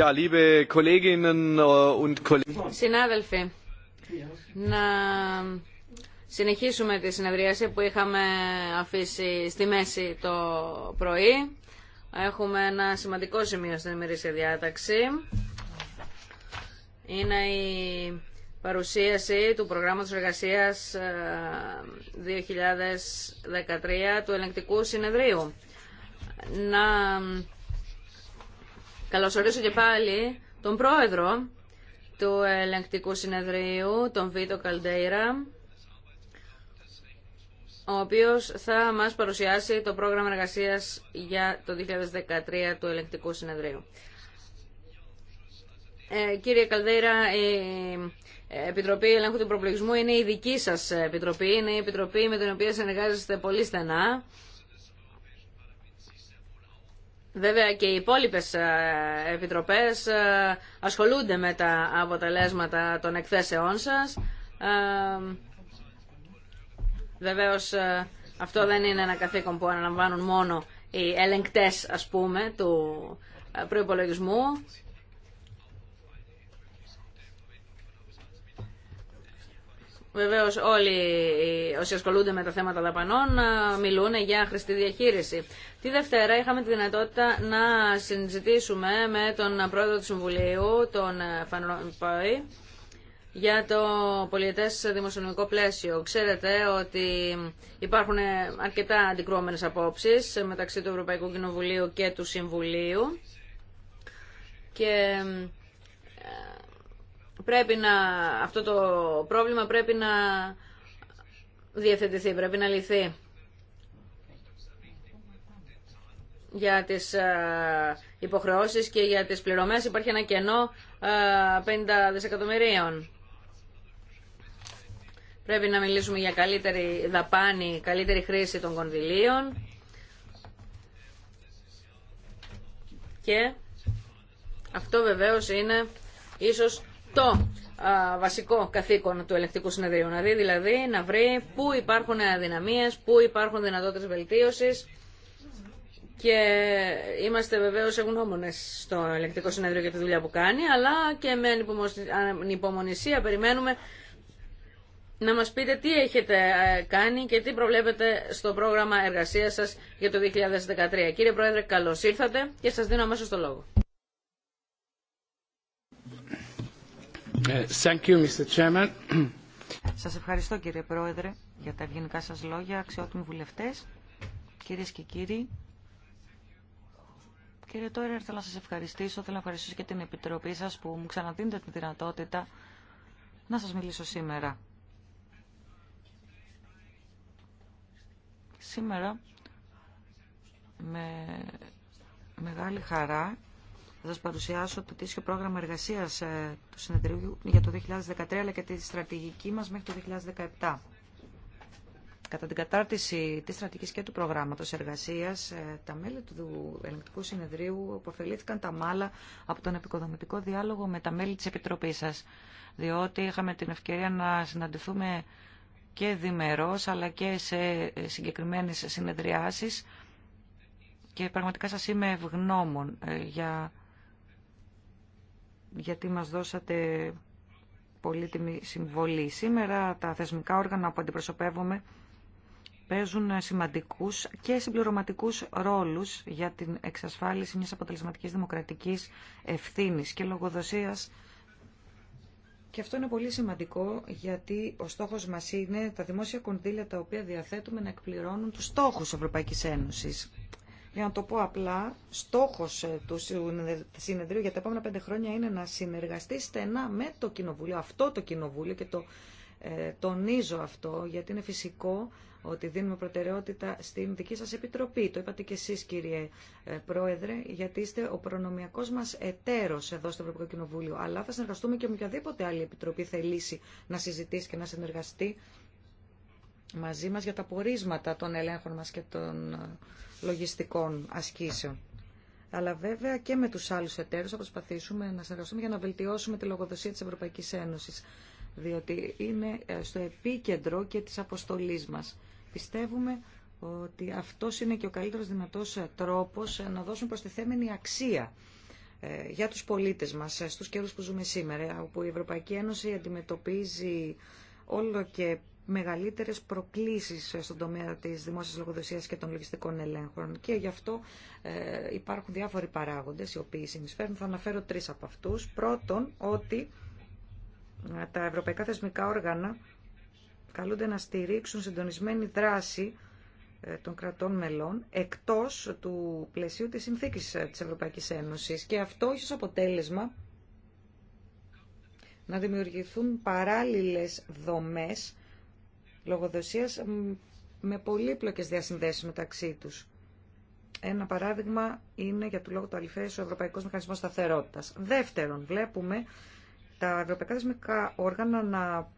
Äh, Συνάδελφοι, να συνεχίσουμε τη συνεδρίαση που είχαμε αφήσει στη μέση το πρωί. Έχουμε ένα σημαντικό σημείο στην ημερήσια διάταξη. Είναι η παρουσίαση του προγράμματος εργασίας 2013 ε, του Ελεγκτικού Συνεδρίου. Να καλωσορίσω και πάλι τον πρόεδρο του ελεγκτικού συνεδρίου, τον Βίτο Καλντέιρα, ο οποίος θα μας παρουσιάσει το πρόγραμμα εργασίας για το 2013 του ελεγκτικού συνεδρίου. Ε, κύριε Καλδέιρα, η ε, Επιτροπή Ελέγχου του Προπληκισμού είναι η δική σας επιτροπή, είναι η επιτροπή με την οποία συνεργάζεστε πολύ στενά. Βέβαια και οι υπόλοιπε επιτροπέ ε, ασχολούνται με τα αποτελέσματα των εκθέσεών σας. Ε, Βεβαίω ε, αυτό δεν είναι ένα καθήκον που αναλαμβάνουν μόνο οι ελεγκτές ας πούμε του προπολογισμού. Βεβαίω όλοι όσοι ασχολούνται με τα θέματα δαπανών μιλούν για χρηστή διαχείριση. Τη Δευτέρα είχαμε τη δυνατότητα να συζητήσουμε με τον πρόεδρο του Συμβουλίου, τον ε, Φανρομπαϊ, για το πολιετέ δημοσιονομικό πλαίσιο. Ξέρετε ότι υπάρχουν ε, αρκετά αντικρουόμενε απόψεις μεταξύ του Ευρωπαϊκού Κοινοβουλίου και του Συμβουλίου και πρέπει να, αυτό το πρόβλημα πρέπει να διευθετηθεί, πρέπει να λυθεί. Για τις υποχρεώσεις και για τις πληρωμές υπάρχει ένα κενό 50 δισεκατομμυρίων. Πρέπει να μιλήσουμε για καλύτερη δαπάνη, καλύτερη χρήση των κονδυλίων. Και αυτό βεβαίως είναι ίσως το βασικό καθήκον του ελεκτικού συνεδρίου. Να δει δηλαδή, να βρει πού υπάρχουν αδυναμίες, πού υπάρχουν δυνατότητες βελτίωσης και είμαστε βεβαίως εγγνώμονες στο ελεκτικό συνεδρίο για τη δουλειά που κάνει, αλλά και με ανυπομονησία περιμένουμε να μας πείτε τι έχετε ε, κάνει και τι προβλέπετε στο πρόγραμμα εργασίας σας για το 2013. Κύριε Πρόεδρε, καλώς ήρθατε και σας δίνω αμέσως το λόγο. Ε, σας ευχαριστώ κύριε Πρόεδρε για τα ευγενικά σας λόγια, αξιότιμοι βουλευτές, κυρίες και κύριοι. Κύριε τόρερ, θέλω να σας ευχαριστήσω, θέλω να ευχαριστήσω και την Επιτροπή σας που μου ξαναδίνετε τη δυνατότητα να σας μιλήσω σήμερα. Σήμερα με μεγάλη χαρά θα σας παρουσιάσω το τίσιο πρόγραμμα εργασίας ε, του συνεδρίου για το 2013 αλλά και τη στρατηγική μας μέχρι το 2017. Κατά την κατάρτιση της στρατηγικής και του προγράμματος εργασίας, ε, τα μέλη του Ελεγκτικού Συνεδρίου αποφελήθηκαν τα μάλα από τον επικοδομητικό διάλογο με τα μέλη της Επιτροπής σας, διότι είχαμε την ευκαιρία να συναντηθούμε και διμερώς, αλλά και σε συγκεκριμένες συνεδριάσεις και πραγματικά σας είμαι ευγνώμων ε, για γιατί μας δώσατε πολύτιμη συμβολή. Σήμερα τα θεσμικά όργανα που αντιπροσωπεύουμε παίζουν σημαντικούς και συμπληρωματικούς ρόλους για την εξασφάλιση μιας αποτελεσματικής δημοκρατικής ευθύνης και λογοδοσίας. Και αυτό είναι πολύ σημαντικό γιατί ο στόχος μας είναι τα δημόσια κονδύλια τα οποία διαθέτουμε να εκπληρώνουν τους στόχους Ευρωπαϊκής Ένωσης για να το πω απλά, στόχος ε, του συνεδρίου για τα επόμενα πέντε χρόνια είναι να συνεργαστεί στενά με το κοινοβούλιο, αυτό το κοινοβούλιο και το ε, τονίζω αυτό γιατί είναι φυσικό ότι δίνουμε προτεραιότητα στην δική σας επιτροπή. Το είπατε και εσείς κύριε ε, Πρόεδρε, γιατί είστε ο προνομιακός μας εταίρος εδώ στο Ευρωπαϊκό Κοινοβούλιο. Αλλά θα συνεργαστούμε και με οποιαδήποτε άλλη επιτροπή θελήσει να συζητήσει και να συνεργαστεί μαζί μας για τα πορίσματα των ελέγχων μας και των λογιστικών ασκήσεων. Αλλά βέβαια και με τους άλλους εταίρους θα προσπαθήσουμε να συνεργαστούμε για να βελτιώσουμε τη λογοδοσία της Ευρωπαϊκής Ένωσης, διότι είναι ε, στο επίκεντρο και της αποστολής μας. Πιστεύουμε ότι αυτό είναι και ο καλύτερος δυνατός ε, τρόπος ε, να δώσουμε προστιθέμενη αξία για τους πολίτες μας στους καιρούς που ζούμε σήμερα, όπου η Ευρωπαϊκή Ένωση αντιμετωπίζει όλο και μεγαλύτερες προκλήσεις στον τομέα της δημόσιας λογοδοσίας και των λογιστικών ελέγχων και γι' αυτό ε, υπάρχουν διάφοροι παράγοντες οι οποίοι συνεισφέρουν. Θα αναφέρω τρεις από αυτούς. Πρώτον, ότι ε, τα ευρωπαϊκά θεσμικά όργανα καλούνται να στηρίξουν συντονισμένη δράση ε, των κρατών μελών εκτός του πλαισίου της συνθήκης της Ευρωπαϊκής Ένωσης και αυτό έχει ως αποτέλεσμα να δημιουργηθούν παράλληλες δομές λογοδοσίας με πολύπλοκες διασυνδέσεις μεταξύ τους. Ένα παράδειγμα είναι για του λόγου του αληθές ο Ευρωπαϊκός Μηχανισμός Σταθερότητας. Δεύτερον, βλέπουμε τα ευρωπαϊκά θεσμικά όργανα να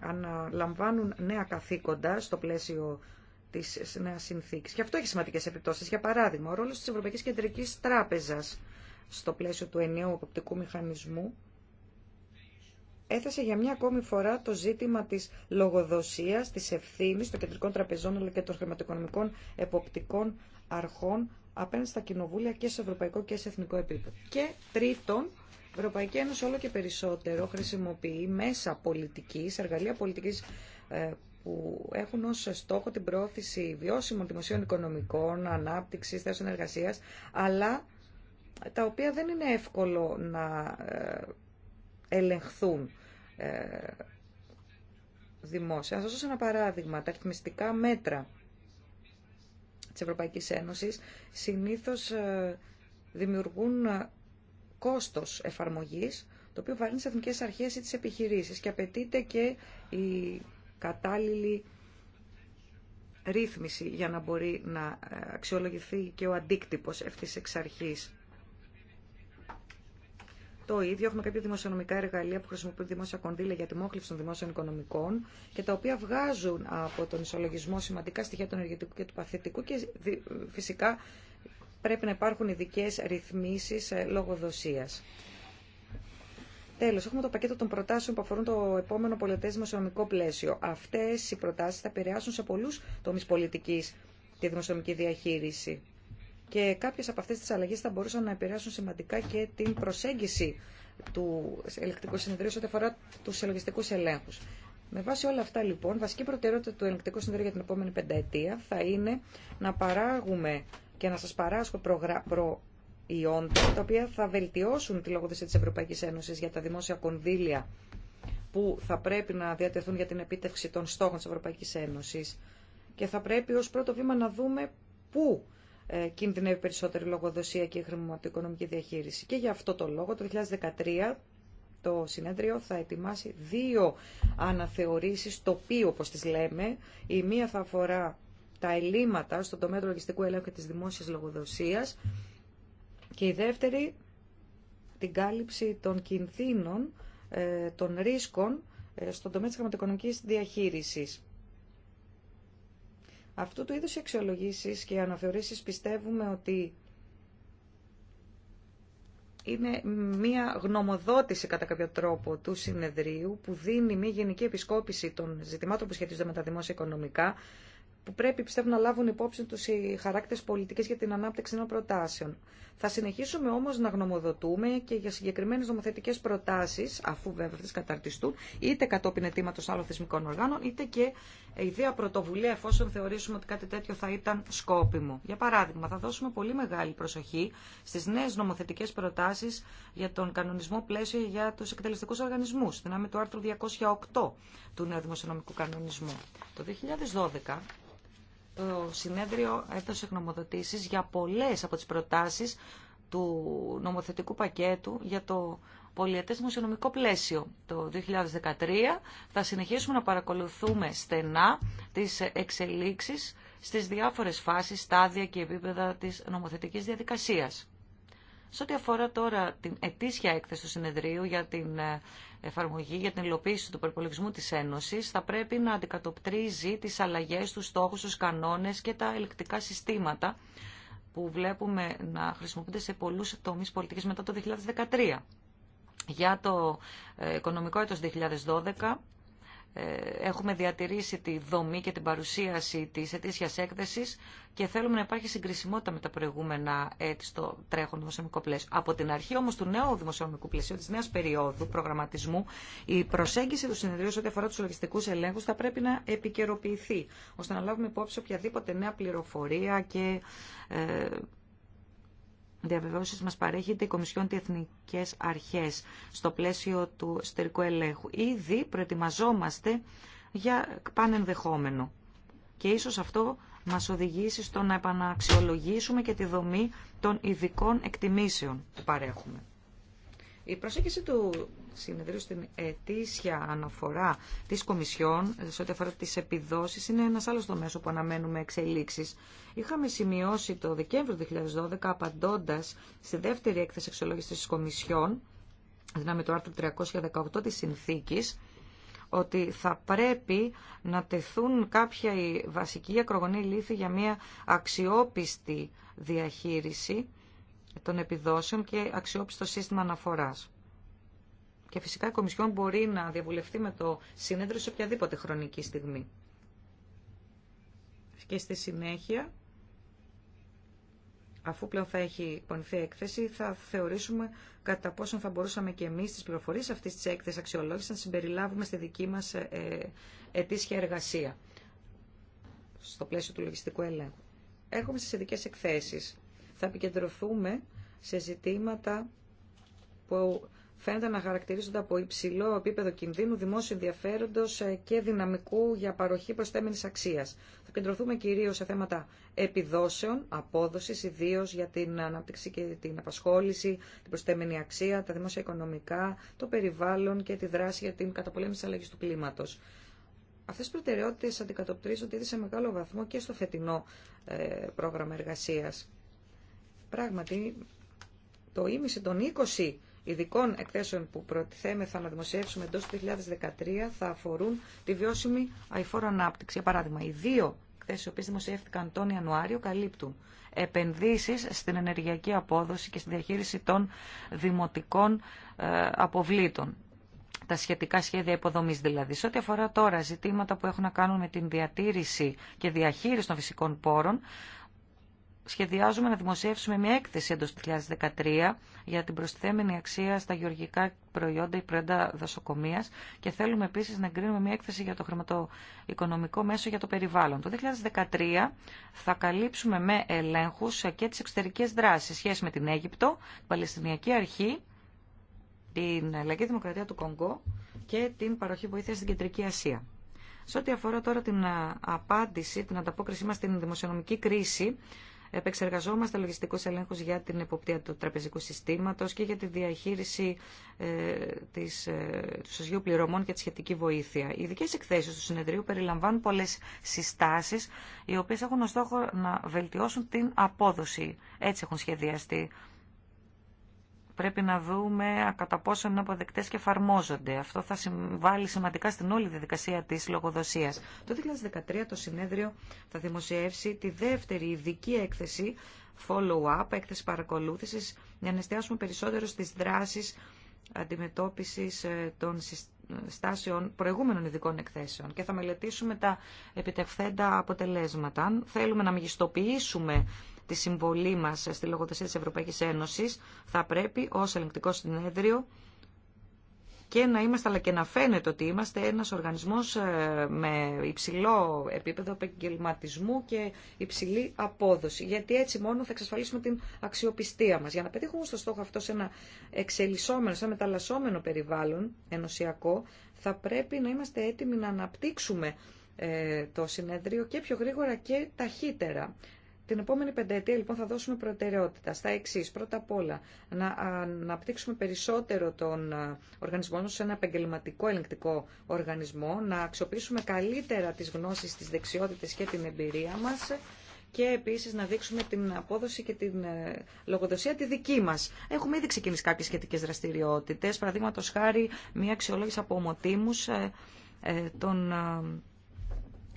αναλαμβάνουν νέα καθήκοντα στο πλαίσιο τη νέα συνθήκη. Και αυτό έχει σημαντικέ επιπτώσει. Για παράδειγμα, ο ρόλο τη Ευρωπαϊκή Κεντρική Τράπεζα στο πλαίσιο του ενιαίου οπτικού μηχανισμού έθεσε για μια ακόμη φορά το ζήτημα της λογοδοσίας, της ευθύνης των κεντρικών τραπεζών αλλά και των χρηματοοικονομικών εποπτικών αρχών απέναντι στα κοινοβούλια και σε ευρωπαϊκό και σε εθνικό επίπεδο. Και τρίτον, η Ευρωπαϊκή Ένωση όλο και περισσότερο χρησιμοποιεί μέσα πολιτικής, εργαλεία πολιτικής ε, που έχουν ως στόχο την προώθηση βιώσιμων δημοσίων οικονομικών, ανάπτυξης, θέσεων εργασίας, αλλά τα οποία δεν είναι εύκολο να ε, ελεγχθούν ε, δημόσια. Να σας δώσω ένα παράδειγμα. Τα ρυθμιστικά μέτρα της Ευρωπαϊκής Ένωσης συνήθως ε, δημιουργούν ε, κόστος εφαρμογής, το οποίο βαρύνει στις εθνικές αρχές ή τις επιχειρήσεις και απαιτείται και η κατάλληλη ρύθμιση για να μπορεί να αξιολογηθεί και ο αντίκτυπος αυτής εξ αρχής. Το ίδιο έχουμε κάποια δημοσιονομικά εργαλεία που χρησιμοποιούν δημόσια κονδύλια για τη μόχλευση των δημόσιων οικονομικών και τα οποία βγάζουν από τον ισολογισμό σημαντικά στοιχεία του ενεργητικού και του παθητικού και φυσικά πρέπει να υπάρχουν ειδικέ ρυθμίσεις ε, λογοδοσίας. Τέλο, έχουμε το πακέτο των προτάσεων που αφορούν το επόμενο πολιτέ δημοσιονομικό πλαίσιο. Αυτέ οι προτάσει θα επηρεάσουν σε πολλού τομεί πολιτική τη δημοσιονομική διαχείριση και κάποιες από αυτές τις αλλαγές θα μπορούσαν να επηρεάσουν σημαντικά και την προσέγγιση του ελεκτικού συνεδρίου σε ό,τι αφορά του συλλογιστικού ελέγχου. Με βάση όλα αυτά, λοιπόν, βασική προτεραιότητα του ελεκτικού συνεδρίου για την επόμενη πενταετία θα είναι να παράγουμε και να σα παράσχω προϊόντα τα οποία θα βελτιώσουν τη λογοδοσία τη Ευρωπαϊκή Ένωση για τα δημόσια κονδύλια που θα πρέπει να διατεθούν για την επίτευξη των στόχων τη Ευρωπαϊκή Ένωση. Και θα πρέπει ω πρώτο βήμα να δούμε πού ε, κινδυνεύει περισσότερη λογοδοσία και χρηματοοικονομική διαχείριση. Και για αυτό το λόγο το 2013 το συνέδριο θα ετοιμάσει δύο αναθεωρήσεις, τοπίου όπως τις λέμε. Η μία θα αφορά τα ελλείμματα στον τομέα του λογιστικού ελέγχου και της δημόσιας λογοδοσίας και η δεύτερη την κάλυψη των κινδύνων, ε, των ρίσκων ε, στον τομέα της χρηματοοικονομικής διαχείρισης. Αυτού του είδους οι αξιολογήσεις και οι αναθεωρήσεις πιστεύουμε ότι είναι μία γνωμοδότηση κατά κάποιο τρόπο του συνεδρίου που δίνει μία γενική επισκόπηση των ζητημάτων που σχετίζονται με τα δημόσια οικονομικά που πρέπει πιστεύω να λάβουν υπόψη του οι χαράκτε πολιτική για την ανάπτυξη των προτάσεων. Θα συνεχίσουμε όμω να γνωμοδοτούμε και για συγκεκριμένε νομοθετικέ προτάσει, αφού βέβαια αυτέ καταρτιστούν, είτε κατόπιν ετήματο άλλων θεσμικών οργάνων, είτε και ιδέα πρωτοβουλία εφόσον θεωρήσουμε ότι κάτι τέτοιο θα ήταν σκόπιμο. Για παράδειγμα, θα δώσουμε πολύ μεγάλη προσοχή στι νέε νομοθετικέ προτάσει για τον κανονισμό πλαίσιο για του εκτελεστικού οργανισμού, δυνάμει του άρθρου 208 του νέου δημοσιονομικού κανονισμού. Το 2012 το συνέδριο έδωσε γνωμοδοτήσεις για πολλές από τις προτάσεις του νομοθετικού πακέτου για το πολιετές δημοσιονομικό πλαίσιο το 2013. Θα συνεχίσουμε να παρακολουθούμε στενά τις εξελίξεις στις διάφορες φάσεις, στάδια και επίπεδα της νομοθετικής διαδικασίας. Σε ό,τι αφορά τώρα την ετήσια έκθεση του συνεδρίου για την ε, εφαρμογή, για την υλοποίηση του προπολογισμού της Ένωσης, θα πρέπει να αντικατοπτρίζει τις αλλαγές, τους στόχους, τους κανόνες και τα ελεκτικά συστήματα που βλέπουμε να χρησιμοποιούνται σε πολλούς τομείς πολιτικής μετά το 2013. Για το ε, οικονομικό έτος 2012 ε, έχουμε διατηρήσει τη δομή και την παρουσίαση της ετήσιας έκθεσης και θέλουμε να υπάρχει συγκρισιμότητα με τα προηγούμενα έτη στο τρέχον δημοσιονομικό πλαίσιο. Από την αρχή όμως του νέου δημοσιονομικού πλαίσιο, της νέας περίοδου προγραμματισμού, η προσέγγιση του συνεδρίου σε ό,τι αφορά τους λογιστικούς ελέγχους θα πρέπει να επικαιροποιηθεί, ώστε να λάβουμε υπόψη οποιαδήποτε νέα πληροφορία και ε, διαβεβαιώσεις μας παρέχεται η Κομισιόν Εθνικές Αρχές στο πλαίσιο του στερικού ελέγχου. Ήδη προετοιμαζόμαστε για πανενδεχόμενο. Και ίσως αυτό μας οδηγήσει στο να επαναξιολογήσουμε και τη δομή των ειδικών εκτιμήσεων που παρέχουμε. Η προσέγγιση του συνεδρίου στην ετήσια αναφορά της Κομισιόν σε ό,τι αφορά τι επιδόσεις είναι ένας άλλο τομέα όπου αναμένουμε εξελίξεις. Είχαμε σημειώσει το Δεκέμβριο 2012 απαντώντα στη δεύτερη έκθεση εξολόγησης τη Κομισιόν δυνάμει το άρθρο 318 της Συνθήκης ότι θα πρέπει να τεθούν κάποια βασική ακρογωνή λύθη για μια αξιόπιστη διαχείριση των επιδόσεων και αξιόπιστο σύστημα αναφοράς. Και φυσικά η Κομισιόν μπορεί να διαβουλευτεί με το συνέδριο σε οποιαδήποτε χρονική στιγμή. Και στη συνέχεια, αφού πλέον θα έχει πονηθεί έκθεση, θα θεωρήσουμε κατά πόσον θα μπορούσαμε και εμείς τις πληροφορίες αυτής της έκθεσης αξιολόγησης να συμπεριλάβουμε στη δική μας ε, ε, ετήσια εργασία στο πλαίσιο του λογιστικού ελέγχου. Έρχομαι στις ειδικέ εκθέσεις. Θα επικεντρωθούμε σε ζητήματα που φαίνεται να χαρακτηρίζονται από υψηλό επίπεδο κινδύνου, δημόσιο ενδιαφέροντο ε, και δυναμικού για παροχή προστέμενη αξία. Θα κεντρωθούμε κυρίω σε θέματα επιδόσεων, απόδοση, ιδίω για την ανάπτυξη και την απασχόληση, την προστέμενη αξία, τα δημόσια οικονομικά, το περιβάλλον και τη δράση για την καταπολέμηση αλλαγή του κλίματο. Αυτέ οι προτεραιότητε αντικατοπτρίζονται ήδη σε μεγάλο βαθμό και στο φετινό ε, πρόγραμμα εργασία. Πράγματι, το ίμιση των 20 ειδικών εκθέσεων που προτιθέμεθα να δημοσιεύσουμε εντός του 2013 θα αφορούν τη βιώσιμη αηφόρο ανάπτυξη. Για παράδειγμα, οι δύο εκθέσεις οι οποίες δημοσιεύτηκαν τον Ιανουάριο καλύπτουν επενδύσεις στην ενεργειακή απόδοση και στη διαχείριση των δημοτικών ε, αποβλήτων τα σχετικά σχέδια υποδομή δηλαδή. Σε ό,τι αφορά τώρα ζητήματα που έχουν να κάνουν με την διατήρηση και διαχείριση των φυσικών πόρων, σχεδιάζουμε να δημοσιεύσουμε μια έκθεση εντός 2013 για την προστιθέμενη αξία στα γεωργικά προϊόντα ή προϊόντα δασοκομεία και θέλουμε επίση να εγκρίνουμε μια έκθεση για το χρηματοοικονομικό μέσο για το περιβάλλον. Το 2013 θα καλύψουμε με ελέγχου και τι εξωτερικέ δράσει σχέση με την Αίγυπτο, την Παλαιστινιακή Αρχή, την Λαϊκή Δημοκρατία του Κονγκό και την παροχή βοήθεια στην Κεντρική Ασία. Σε ό,τι αφορά τώρα την ε, απάντηση, την ανταπόκρισή μας στην δημοσιονομική κρίση, επεξεργαζόμαστε λογιστικούς ελέγχους για την εποπτεία του τραπεζικού συστήματος και για τη διαχείριση ε, της, ε, του σωσίου πληρωμών και τη σχετική βοήθεια. Οι ειδικέ εκθέσεις του συνεδρίου περιλαμβάνουν πολλές συστάσεις, οι οποίες έχουν ως στόχο να βελτιώσουν την απόδοση. Έτσι έχουν σχεδιαστεί Πρέπει να δούμε κατά πόσο είναι αποδεκτέ και εφαρμόζονται. Αυτό θα συμβάλλει σημαντικά στην όλη διαδικασία τη λογοδοσία. Το 2013 το συνέδριο θα δημοσιεύσει τη δεύτερη ειδική έκθεση follow-up, έκθεση παρακολούθηση, για να εστιάσουμε περισσότερο στι δράσει αντιμετώπιση ε, των στάσεων προηγούμενων ειδικών εκθέσεων και θα μελετήσουμε τα επιτευθέντα αποτελέσματα. Αν θέλουμε να μεγιστοποιήσουμε τη συμβολή μα στη λογοδοσία τη Ευρωπαϊκή Ένωση. θα πρέπει ω ελεγκτικό συνέδριο και να είμαστε, αλλά και να φαίνεται ότι είμαστε ένα οργανισμό ε, με υψηλό επίπεδο επαγγελματισμού και υψηλή απόδοση. Γιατί έτσι μόνο θα εξασφαλίσουμε την αξιοπιστία μα. Για να πετύχουμε στο στόχο αυτό σε ένα εξελισσόμενο, σε ένα μεταλλασσόμενο περιβάλλον ενωσιακό, θα πρέπει να είμαστε έτοιμοι να αναπτύξουμε ε, το συνέδριο και πιο γρήγορα και ταχύτερα. Την επόμενη πενταετία λοιπόν θα δώσουμε προτεραιότητα στα εξή. Πρώτα απ' όλα να αναπτύξουμε περισσότερο τον ε, οργανισμό μας σε ένα επαγγελματικό ελεγκτικό οργανισμό, να αξιοποιήσουμε καλύτερα τις γνώσεις, τις δεξιότητες και την εμπειρία μας και επίσης να δείξουμε την απόδοση και την ε, λογοδοσία τη δική μας. Έχουμε ήδη ξεκινήσει κάποιες σχετικές δραστηριότητες, παραδείγματο χάρη μια αξιολόγηση από ομοτήμους ε, των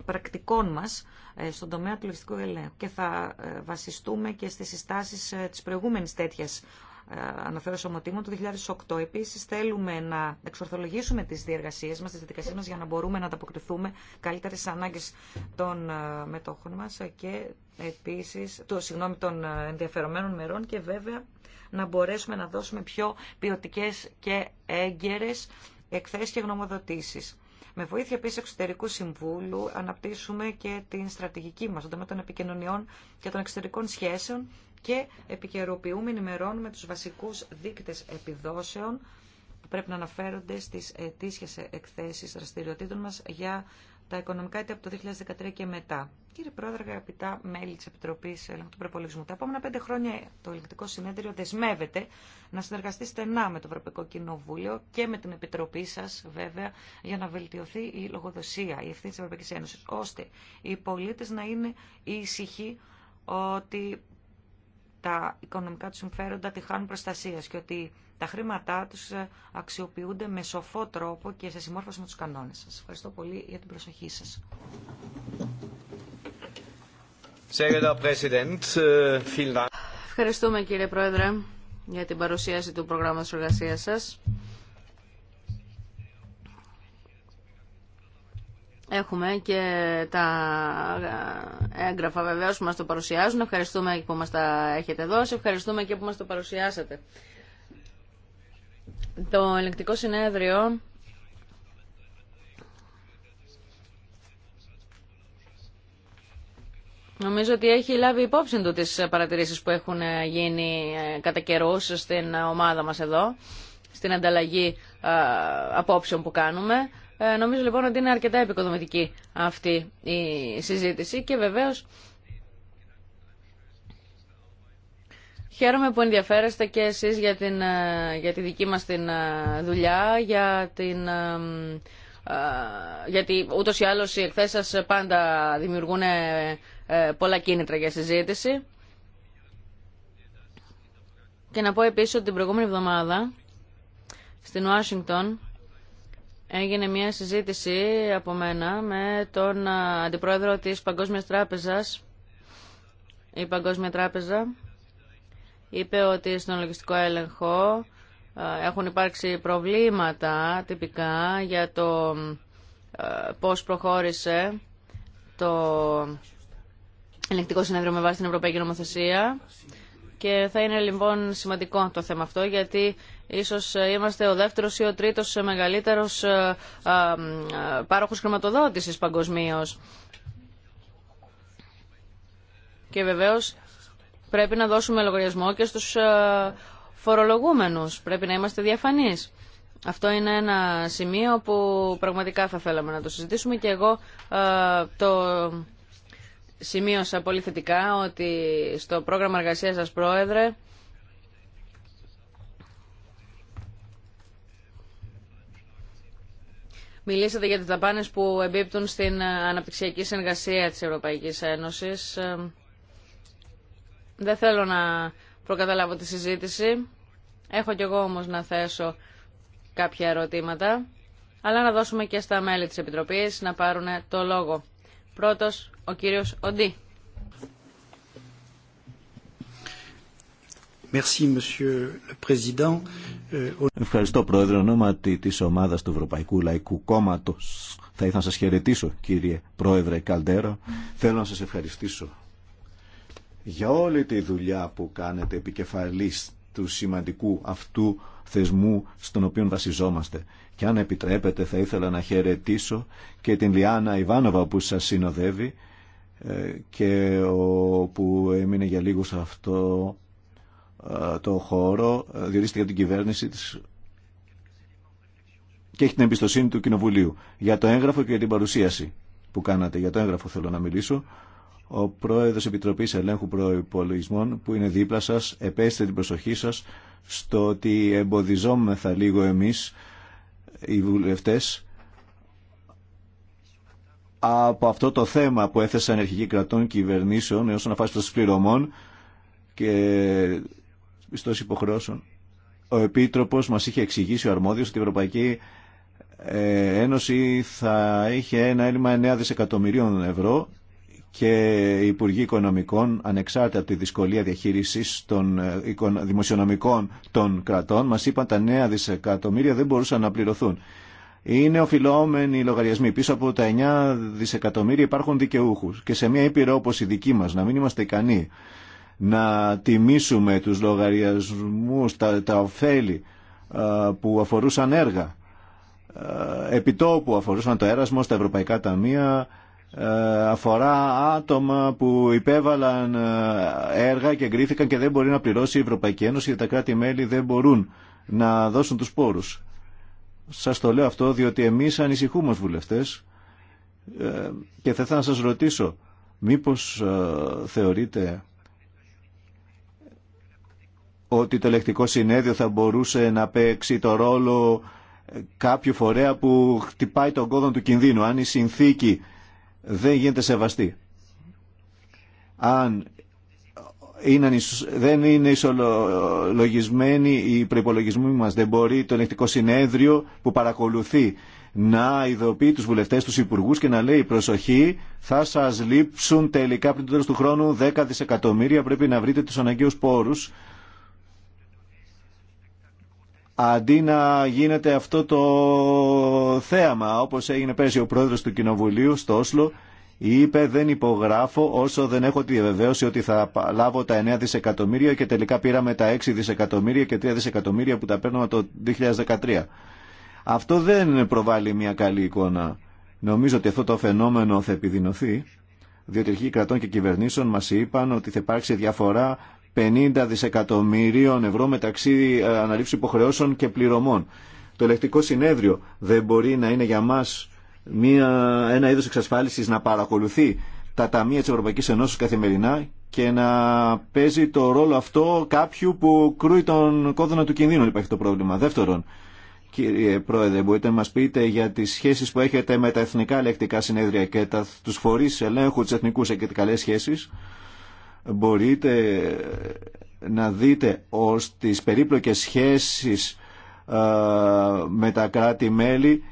πρακτικών μας ε, στον τομέα του λογιστικού ελέγχου και θα ε, βασιστούμε και στις συστάσεις ε, της προηγούμενης τέτοιας αναφέρω ομοτίμου του 2008. Επίσης θέλουμε να εξορθολογήσουμε τις διεργασίες μας, τις διαδικασίες μας για να μπορούμε να ανταποκριθούμε καλύτερα στις ανάγκες των μετόχων μας και επίσης το, συγγνώμη, των ενδιαφερομένων μερών και βέβαια να μπορέσουμε να δώσουμε πιο ποιοτικές και έγκαιρες εκθέσεις και γνωμοδοτήσεις. Με βοήθεια επίση εξωτερικού συμβούλου αναπτύσσουμε και την στρατηγική μα, τον των επικοινωνιών και των εξωτερικών σχέσεων και επικαιροποιούμε, ενημερώνουμε του βασικού δείκτε επιδόσεων που πρέπει να αναφέρονται στι ετήσιε εκθέσει δραστηριοτήτων μα για τα οικονομικά είτε από το 2013 και μετά. Κύριε Πρόεδρε, αγαπητά μέλη τη Επιτροπή Ελέγχου του Προπολογισμού, τα επόμενα πέντε χρόνια το Ελεγκτικό Συνέδριο δεσμεύεται να συνεργαστεί στενά με το Ευρωπαϊκό Κοινοβούλιο και με την Επιτροπή σα, βέβαια, για να βελτιωθεί η λογοδοσία, η ευθύνη τη Ευρωπαϊκή Ένωση, ώστε οι πολίτε να είναι ήσυχοι ότι τα οικονομικά του συμφέροντα τη χάνουν προστασία και ότι τα χρήματά τους ε, αξιοποιούνται με σοφό τρόπο και σε συμμόρφωση με τους κανόνες. Σας ευχαριστώ πολύ για την προσοχή σας. Äh, Ευχαριστούμε κύριε Πρόεδρε για την παρουσίαση του προγράμματος εργασίας σας. Έχουμε και τα έγγραφα βεβαίως που μας το παρουσιάζουν. Ευχαριστούμε που μας τα έχετε δώσει. Ευχαριστούμε και που μας το παρουσιάσατε. Το ελεγκτικό συνέδριο Νομίζω ότι έχει λάβει υπόψη του τις παρατηρήσεις που έχουν γίνει ε, κατά καιρού στην ομάδα μας εδώ, στην ανταλλαγή ε, απόψεων που κάνουμε. Ε, νομίζω λοιπόν ότι είναι αρκετά επικοδομητική αυτή η συζήτηση και βεβαίως Χαίρομαι που ενδιαφέρεστε και εσείς για, την, ε, για τη δική μας την ε, δουλειά, για την... Ε, γιατί ούτως ή άλλως οι εκθέσεις σας πάντα δημιουργούν πολλά κίνητρα για συζήτηση. Και να πω επίσης ότι την προηγούμενη εβδομάδα στην Ουάσιγκτον έγινε μια συζήτηση από μένα με τον αντιπρόεδρο της Παγκόσμιας Τράπεζας, η Παγκόσμια Τράπεζα, είπε ότι στον λογιστικό έλεγχο ε, έχουν υπάρξει προβλήματα τυπικά για το ε, πώς προχώρησε το ελεκτικό συνέδριο με βάση την Ευρωπαϊκή Νομοθεσία και θα είναι λοιπόν σημαντικό το θέμα αυτό γιατί ίσως ε, είμαστε ο δεύτερος ή ο τρίτος μεγαλύτερος πάροχος χρηματοδότησης παγκοσμίως. Και βεβαίως Πρέπει να δώσουμε λογαριασμό και στους ε, φορολογούμενους. Πρέπει να είμαστε διαφανείς. Αυτό είναι ένα σημείο που πραγματικά θα θέλαμε να το συζητήσουμε και εγώ ε, το σημείωσα πολύ θετικά ότι στο πρόγραμμα εργασίας σας, Πρόεδρε, Μιλήσατε για τις δαπάνες που εμπίπτουν στην αναπτυξιακή συνεργασία της Ευρωπαϊκής Ένωσης. Ε, δεν θέλω να προκαταλάβω τη συζήτηση. Έχω κι εγώ όμως να θέσω κάποια ερωτήματα, αλλά να δώσουμε και στα μέλη της Επιτροπής να πάρουν το λόγο. Πρώτος, ο κύριος Οντί. Ευχαριστώ, Πρόεδρε, ονόματι της ομάδας του Ευρωπαϊκού Λαϊκού Κόμματος. Θα ήθελα να σας χαιρετήσω, κύριε Πρόεδρε Καλτέρα. Θέλω να σας ευχαριστήσω για όλη τη δουλειά που κάνετε επικεφαλής του σημαντικού αυτού θεσμού στον οποίο βασιζόμαστε. Και αν επιτρέπετε θα ήθελα να χαιρετήσω και την Λιάνα Ιβάνοβα που σας συνοδεύει ε, και που έμεινε για λίγο σε αυτό ε, το χώρο, ε, διορίστηκε την κυβέρνηση της και έχει την εμπιστοσύνη του Κοινοβουλίου. Για το έγγραφο και για την παρουσίαση που κάνατε, για το έγγραφο θέλω να μιλήσω. Ο πρόεδρος Επιτροπής Ελέγχου Προϋπολογισμών που είναι δίπλα σας επέστησε την προσοχή σας στο ότι εμποδιζόμεθα λίγο εμείς οι βουλευτές από αυτό το θέμα που έθεσαν αρχικοί κρατών κυβερνήσεων να αφορά στους πληρωμών και πιστός υποχρεώσεων. Ο Επίτροπος μας είχε εξηγήσει ο Αρμόδιος ότι η Ευρωπαϊκή ε, Ένωση θα είχε ένα έλλειμμα 9 δισεκατομμυρίων ευρώ και οι Υπουργοί Οικονομικών, ανεξάρτητα από τη δυσκολία διαχείρισης των ε, δημοσιονομικών των κρατών, μας είπαν τα νέα δισεκατομμύρια δεν μπορούσαν να πληρωθούν. Είναι οφειλόμενοι οι λογαριασμοί. Πίσω από τα 9 δισεκατομμύρια υπάρχουν δικαιούχους. Και σε μια ήπειρο όπως η δική μας, να μην είμαστε ικανοί να τιμήσουμε τους λογαριασμούς, τα, ωφέλη ε, που αφορούσαν έργα ε, επιτόπου αφορούσαν το έρασμο στα ευρωπαϊκά ταμεία, ε, αφορά άτομα που υπέβαλαν ε, έργα και εγκρίθηκαν και δεν μπορεί να πληρώσει η Ευρωπαϊκή Ένωση γιατί τα κράτη-μέλη δεν μπορούν να δώσουν τους πόρους. Σας το λέω αυτό διότι εμείς ανησυχούμε ως βουλευτές ε, και θα ήθελα να σας ρωτήσω μήπως θεωρείτε ότι το ελεκτικό συνέδριο θα μπορούσε να παίξει το ρόλο κάποιου φορέα που χτυπάει τον κόδον του κινδύνου. Αν η συνθήκη δεν γίνεται σεβαστή. Αν είναι, δεν είναι ισολογισμένοι οι προπολογισμοί μας, δεν μπορεί το ελεκτικό συνέδριο που παρακολουθεί να ειδοποιεί τους βουλευτές, τους υπουργούς και να λέει προσοχή θα σας λείψουν τελικά πριν το τέλος του χρόνου 10 δισεκατομμύρια πρέπει να βρείτε τους αναγκαίους πόρους αντί να γίνεται αυτό το θέαμα όπως έγινε πέρσι ο πρόεδρος του Κοινοβουλίου στο Όσλο είπε δεν υπογράφω όσο δεν έχω τη βεβαίωση ότι θα λάβω τα 9 δισεκατομμύρια και τελικά πήραμε τα 6 δισεκατομμύρια και 3 δισεκατομμύρια που τα παίρνουμε το 2013. Αυτό δεν προβάλλει μια καλή εικόνα. Νομίζω ότι αυτό το φαινόμενο θα επιδεινωθεί διότι αρχή κρατών και κυβερνήσεων μας είπαν ότι θα υπάρξει διαφορά 50 δισεκατομμυρίων ευρώ μεταξύ ε, αναλήψη υποχρεώσεων και πληρωμών. Το ελεκτικό συνέδριο δεν μπορεί να είναι για μας μια, ένα είδος εξασφάλισης να παρακολουθεί τα ταμεία της Ευρωπαϊκής Ενώσης καθημερινά και να παίζει το ρόλο αυτό κάποιου που κρούει τον κόδωνα του κινδύνου υπάρχει το πρόβλημα. Δεύτερον, κύριε Πρόεδρε, μπορείτε να μας πείτε για τις σχέσεις που έχετε με τα εθνικά ελεκτικά συνέδρια και τους φορείς ελέγχου τους εθνικούς και καλές σχέσεις μπορείτε να δείτε ως τις περίπλοκες σχέσεις ε, με τα κράτη-μέλη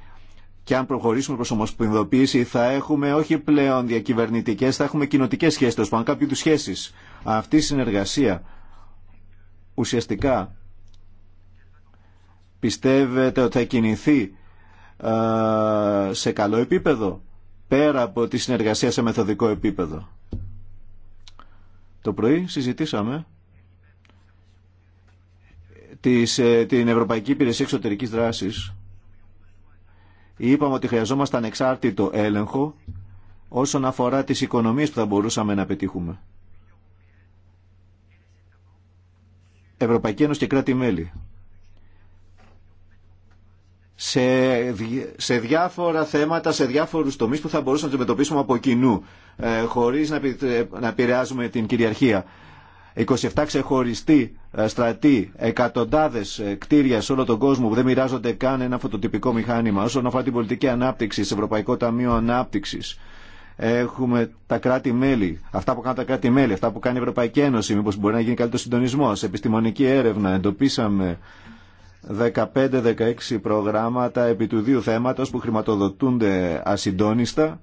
και αν προχωρήσουμε προς ομοσπονδοποίηση θα έχουμε όχι πλέον διακυβερνητικές, θα έχουμε κοινοτικές σχέσεις, τόσο πάνω κάποιου του σχέσεις. Αυτή η συνεργασία ουσιαστικά πιστεύετε ότι θα κινηθεί ε, σε καλό επίπεδο πέρα από τη συνεργασία σε μεθοδικό επίπεδο. Το πρωί συζητήσαμε ε, την Ευρωπαϊκή Υπηρεσία Εξωτερικής Δράσης. Είπαμε ότι χρειαζόμαστε ανεξάρτητο έλεγχο όσον αφορά τις οικονομίες που θα μπορούσαμε να πετύχουμε. Ευρωπαϊκή Ένωση και κράτη-μέλη σε, σε διάφορα θέματα, σε διάφορους τομείς που θα μπορούσαμε να αντιμετωπίσουμε από κοινού, ε, χωρίς να, ε, να επηρεάζουμε την κυριαρχία. 27 ξεχωριστοί ε, στρατοί, εκατοντάδε ε, κτίρια σε όλο τον κόσμο που δεν μοιράζονται καν ένα φωτοτυπικό μηχάνημα. Όσον αφορά την πολιτική ανάπτυξη, σε Ευρωπαϊκό Ταμείο Ανάπτυξη, έχουμε τα κράτη-μέλη, αυτά που κάνουν τα κράτη-μέλη, αυτά που κάνει η Ευρωπαϊκή Ένωση, μήπω μπορεί να γίνει καλύτερο συντονισμό. Επιστημονική έρευνα, εντοπίσαμε 15-16 προγράμματα επί του δύο θέματος που χρηματοδοτούνται ασυντόνιστα.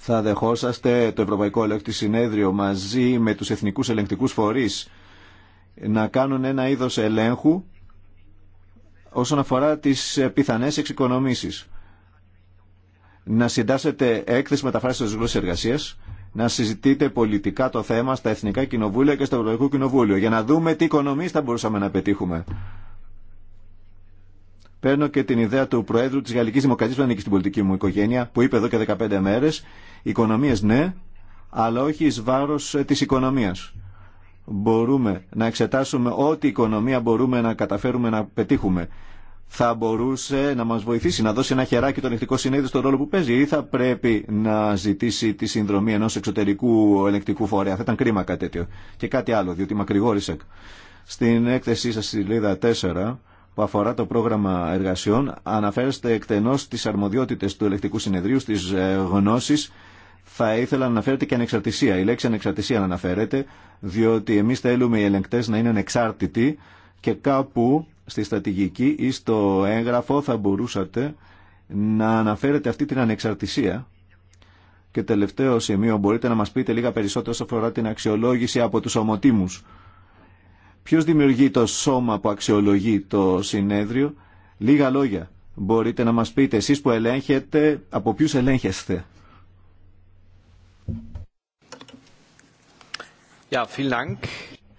Θα δεχόσαστε το Ευρωπαϊκό Ελεκτή Συνέδριο μαζί με τους εθνικούς ελεγκτικούς φορείς να κάνουν ένα είδος ελέγχου όσον αφορά τις πιθανές εξοικονομήσεις. Να συντάσσετε έκθεση μεταφράσεως γλώσσας εργασίας να συζητείτε πολιτικά το θέμα στα Εθνικά Κοινοβούλια και στο Ευρωπαϊκό Κοινοβούλιο για να δούμε τι οικονομίες θα μπορούσαμε να πετύχουμε. Παίρνω και την ιδέα του Προέδρου της Γαλλικής Δημοκρατίας που ανήκει στην πολιτική μου οικογένεια που είπε εδώ και 15 μέρες οικονομίες ναι αλλά όχι εις βάρος ε, της οικονομίας. Μπορούμε να εξετάσουμε ό,τι οικονομία μπορούμε να καταφέρουμε να πετύχουμε θα μπορούσε να μας βοηθήσει να δώσει ένα χεράκι το ελεκτικό συνέδριο στον ρόλο που παίζει ή θα πρέπει να ζητήσει τη συνδρομή ενός εξωτερικού ελεκτικού φορέα. Θα ήταν κρίμα κάτι τέτοιο. Και κάτι άλλο, διότι μακρηγόρησε. Στην έκθεσή σας σελίδα 4 που αφορά το πρόγραμμα εργασιών αναφέρεστε εκτενώς τις αρμοδιότητες του ελεκτικού συνεδρίου, στις ε, γνώσεις θα ήθελα να αναφέρετε και ανεξαρτησία. Η λέξη ανεξαρτησία να αναφέρεται, διότι εμείς θέλουμε οι ελεγκτές να είναι ανεξάρτητοι και κάπου στη στρατηγική ή στο έγγραφο θα μπορούσατε να αναφέρετε αυτή την ανεξαρτησία. Και τελευταίο σημείο, μπορείτε να μας πείτε λίγα περισσότερο όσον αφορά την αξιολόγηση από τους ομοτήμους. Ποιος δημιουργεί το σώμα που αξιολογεί το συνέδριο. Λίγα λόγια. Μπορείτε να μας πείτε εσείς που ελέγχετε, από ποιους ελέγχεστε.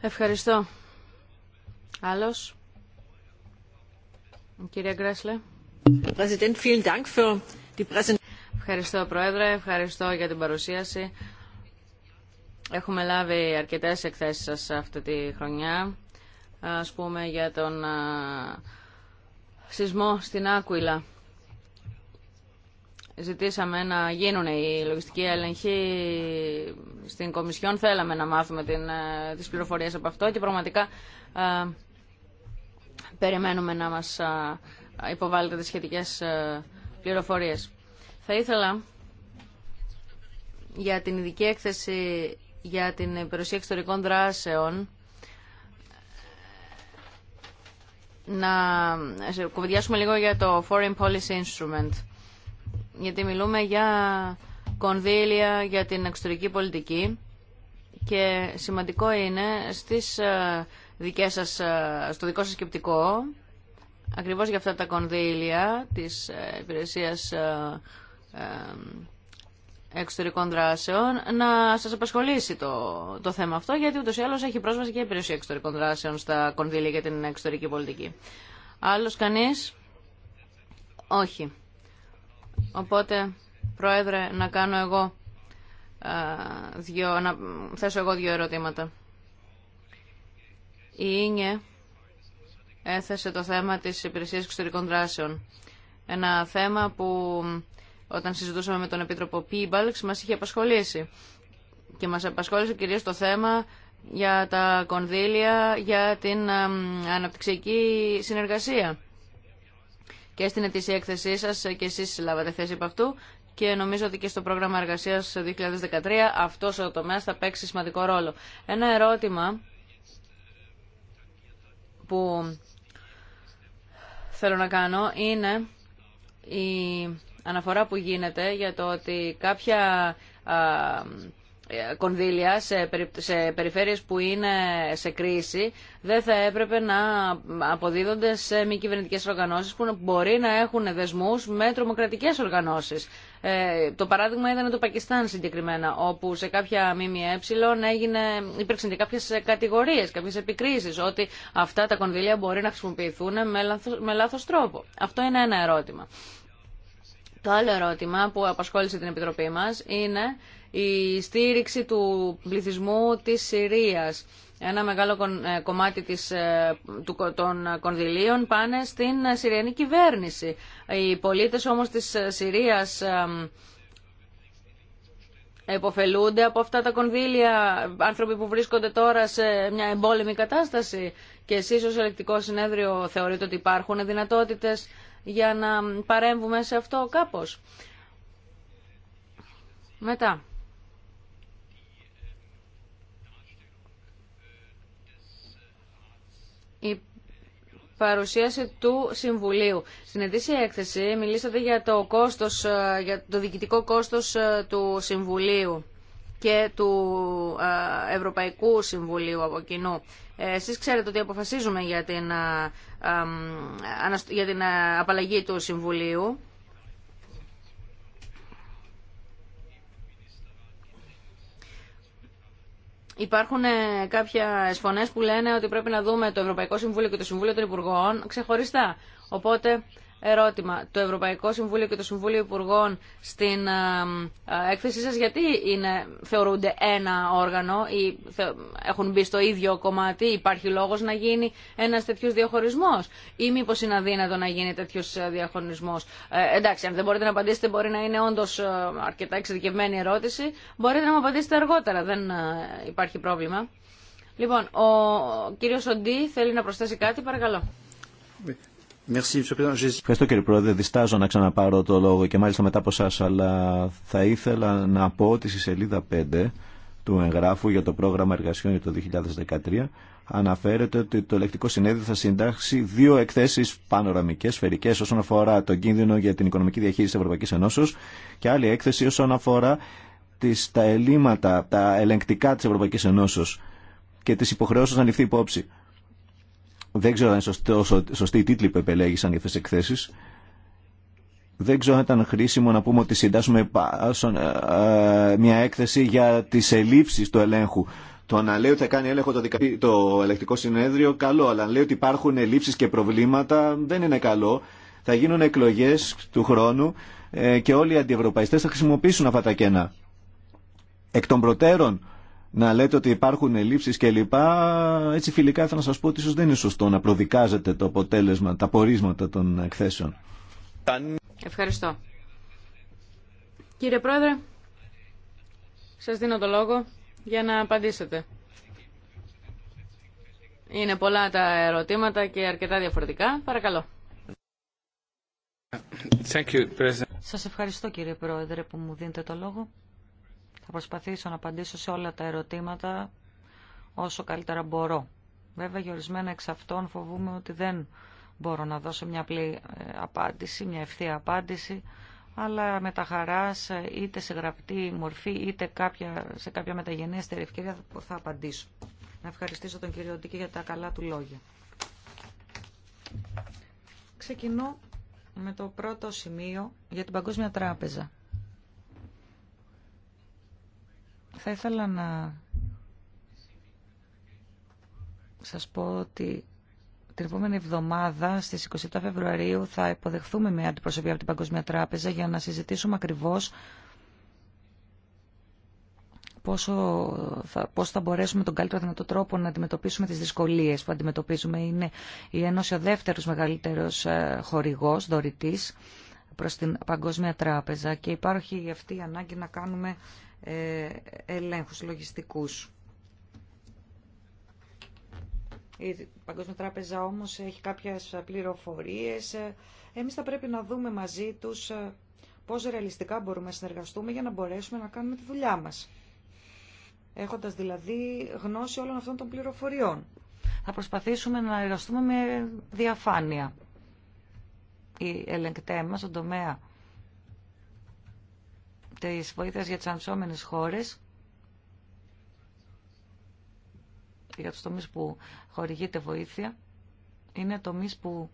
Ευχαριστώ. Άλλος. Κυρία Γκρέσλε. Ευχαριστώ, Πρόεδρε. Ευχαριστώ για την παρουσίαση. Έχουμε λάβει αρκετές εκθέσεις σας αυτή τη χρονιά. Ας πούμε για τον σεισμό στην Άκουιλα. Ζητήσαμε να γίνουν οι λογιστικοί έλεγχοι στην Κομισιόν. Θέλαμε να μάθουμε την, ε, τις πληροφορίες από αυτό και πραγματικά περιμένουμε να μας υποβάλλετε τις σχετικές πληροφορίες. Θα ήθελα για την ειδική έκθεση για την υπηρεσία εξωτερικών δράσεων να κουβεντιάσουμε λίγο για το Foreign Policy Instrument γιατί μιλούμε για κονδύλια για την εξωτερική πολιτική και σημαντικό είναι στις δικές σας, ε, στο δικό σας σκεπτικό, ακριβώς για αυτά τα κονδύλια της ε, υπηρεσίας ε, εξωτερικών δράσεων να σας απασχολήσει το, το θέμα αυτό γιατί ούτως ή άλλως έχει πρόσβαση και η υπηρεσία εξωτερικών δράσεων στα κονδύλια για την εξωτερική πολιτική. Άλλος κανείς? Όχι. Οπότε, Πρόεδρε, να κάνω εγώ δύο, να θέσω εγώ δύο ερωτήματα η Ίνγε έθεσε το θέμα της υπηρεσίας εξωτερικών δράσεων. Ένα θέμα που όταν συζητούσαμε με τον Επίτροπο Πίμπαλξ μας είχε απασχολήσει. Και μας απασχόλησε κυρίως το θέμα για τα κονδύλια για την αναπτυξιακή συνεργασία. Και στην ετήσια έκθεσή σας και εσείς λάβατε θέση από αυτού και νομίζω ότι και στο πρόγραμμα εργασίας 2013 αυτός ο τομέας θα παίξει σημαντικό ρόλο. Ένα ερώτημα που θέλω να κάνω είναι η αναφορά που γίνεται για το ότι κάποια κονδύλια σε, σε περιφέρειες που είναι σε κρίση δεν θα έπρεπε να αποδίδονται σε μη κυβερνητικέ οργανώσεις που μπορεί να έχουν δεσμούς με τρομοκρατικές οργανώσεις. Ε, το παράδειγμα ήταν το Πακιστάν συγκεκριμένα, όπου σε κάποια ΜΜΕ έγινε, υπήρξαν και κάποιες κατηγορίες, κάποιες επικρίσεις, ότι αυτά τα κονδύλια μπορεί να χρησιμοποιηθούν με λάθος, τρόπο. Αυτό είναι ένα ερώτημα. Το άλλο ερώτημα που απασχόλησε την Επιτροπή μας είναι η στήριξη του πληθυσμού της Συρίας. Ένα μεγάλο ε, κομμάτι της, ε, των κονδυλίων πάνε στην Συριανή κυβέρνηση. Οι πολίτες όμως της Συρίας εποφελούνται από αυτά τα κονδύλια άνθρωποι που βρίσκονται τώρα σε μια εμπόλεμη κατάσταση και εσείς ως ελεκτικό συνέδριο θεωρείτε ότι υπάρχουν δυνατότητες για να παρέμβουμε σε αυτό κάπως. Μετά, παρουσίαση του Συμβουλίου. Στην ετήσια έκθεση μιλήσατε για το, κόστος, ε, για το διοικητικό κόστος ε, του Συμβουλίου και του ε, Ευρωπαϊκού Συμβουλίου από κοινού. Εσείς ξέρετε ότι αποφασίζουμε για την, για την απαλλαγή του Συμβουλίου Υπάρχουν ε, κάποιε φωνέ που λένε ότι πρέπει να δούμε το Ευρωπαϊκό Συμβούλιο και το Συμβούλιο των Υπουργών ξεχωριστά. Οπότε ερώτημα. Το Ευρωπαϊκό Συμβούλιο και το Συμβούλιο Υπουργών στην ε, ε, έκθεσή σας γιατί είναι, θεωρούνται ένα όργανο ή έχουν μπει στο ίδιο κομμάτι, υπάρχει λόγος να γίνει ένας τέτοιος διαχωρισμός ή μήπω είναι αδύνατο να γίνει τέτοιος ε, διαχωρισμός. Ε, εντάξει, αν δεν μπορείτε να απαντήσετε μπορεί να είναι όντως αρκετά εξειδικευμένη ερώτηση, μπορείτε να μου απαντήσετε αργότερα, δεν υπάρχει πρόβλημα. Λοιπόν, ο κύριος Οντί θέλει να προσθέσει κάτι, παρακαλώ. Ευχαριστώ κύριε Πρόεδρε. Διστάζω να ξαναπάρω το λόγο και μάλιστα μετά από εσά, αλλά θα ήθελα να πω ότι στη σελίδα 5 του εγγράφου για το πρόγραμμα εργασιών για το 2013 αναφέρεται ότι το ελεκτικό συνέδριο θα συντάξει δύο εκθέσει πανοραμικέ, σφαιρικέ όσον αφορά τον κίνδυνο για την οικονομική διαχείριση τη Ευρωπαϊκή Ενώσεω και άλλη έκθεση όσον αφορά τις, τα ελλείμματα, τα ελεγκτικά τη Ευρωπαϊκή Ενώσεω και τι υποχρεώσει να ληφθεί υπόψη. Δεν ξέρω αν είναι σωστή η τίτλη που επελέγησαν για αυτές τις εκθέσεις. Δεν ξέρω αν ήταν χρήσιμο να πούμε ότι συντάσσουμε ε, ε, μια έκθεση για τις ελλείψεις του ελέγχου. Το να λέει ότι θα κάνει έλεγχο το, δικα... ελεκτικό συνέδριο, καλό. Αλλά να λέει ότι υπάρχουν ελλείψεις και προβλήματα, δεν είναι καλό. Θα γίνουν εκλογές του χρόνου ε, και όλοι οι αντιευρωπαϊστές θα χρησιμοποιήσουν αυτά τα κένα. Εκ των προτέρων να λέτε ότι υπάρχουν ελλείψεις κλπ. Έτσι φιλικά θα να σας πω ότι ίσως δεν είναι σωστό να προδικάζετε το αποτέλεσμα, τα πορίσματα των εκθέσεων. Ευχαριστώ. Κύριε Πρόεδρε, σας δίνω το λόγο για να απαντήσετε. Είναι πολλά τα ερωτήματα και αρκετά διαφορετικά. Παρακαλώ. Thank Σας ευχαριστώ κύριε Πρόεδρε που μου δίνετε το λόγο. Θα προσπαθήσω να απαντήσω σε όλα τα ερωτήματα όσο καλύτερα μπορώ. Βέβαια, για ορισμένα εξ αυτών φοβούμαι ότι δεν μπορώ να δώσω μια απλή ε, απάντηση, μια ευθεία απάντηση, αλλά με τα χαρά ε, είτε σε γραπτή μορφή, είτε κάποια, σε κάποια μεταγενέστερη ευκαιρία θα απαντήσω. Να ευχαριστήσω τον κύριο Ντίκη για τα καλά του λόγια. Ξεκινώ με το πρώτο σημείο για την Παγκόσμια Τράπεζα. Θα ήθελα να σας πω ότι την επόμενη εβδομάδα στις 27 Φεβρουαρίου θα υποδεχθούμε μια αντιπροσωπεία από την Παγκοσμία Τράπεζα για να συζητήσουμε ακριβώς πόσο θα, πώς θα μπορέσουμε τον καλύτερο δυνατό τρόπο να αντιμετωπίσουμε τις δυσκολίες που αντιμετωπίζουμε. Είναι η Ένωση ο δεύτερος μεγαλύτερος ε, χορηγός, δωρητής προς την Παγκόσμια Τράπεζα και υπάρχει αυτή η ανάγκη να κάνουμε ε, ελέγχους λογιστικούς. Η Παγκόσμια Τράπεζα όμως έχει κάποιες πληροφορίες. Εμείς θα πρέπει να δούμε μαζί τους ε, πώς ρεαλιστικά μπορούμε να συνεργαστούμε για να μπορέσουμε να κάνουμε τη δουλειά μας. Έχοντας δηλαδή γνώση όλων αυτών των πληροφοριών. Θα προσπαθήσουμε να εργαστούμε με διαφάνεια. Οι ελεγκτέ μας στον τομέα της βοήθειας για τις ανθρώπινες χώρες, για τους τομείς που χορηγείται βοήθεια, είναι τομείς που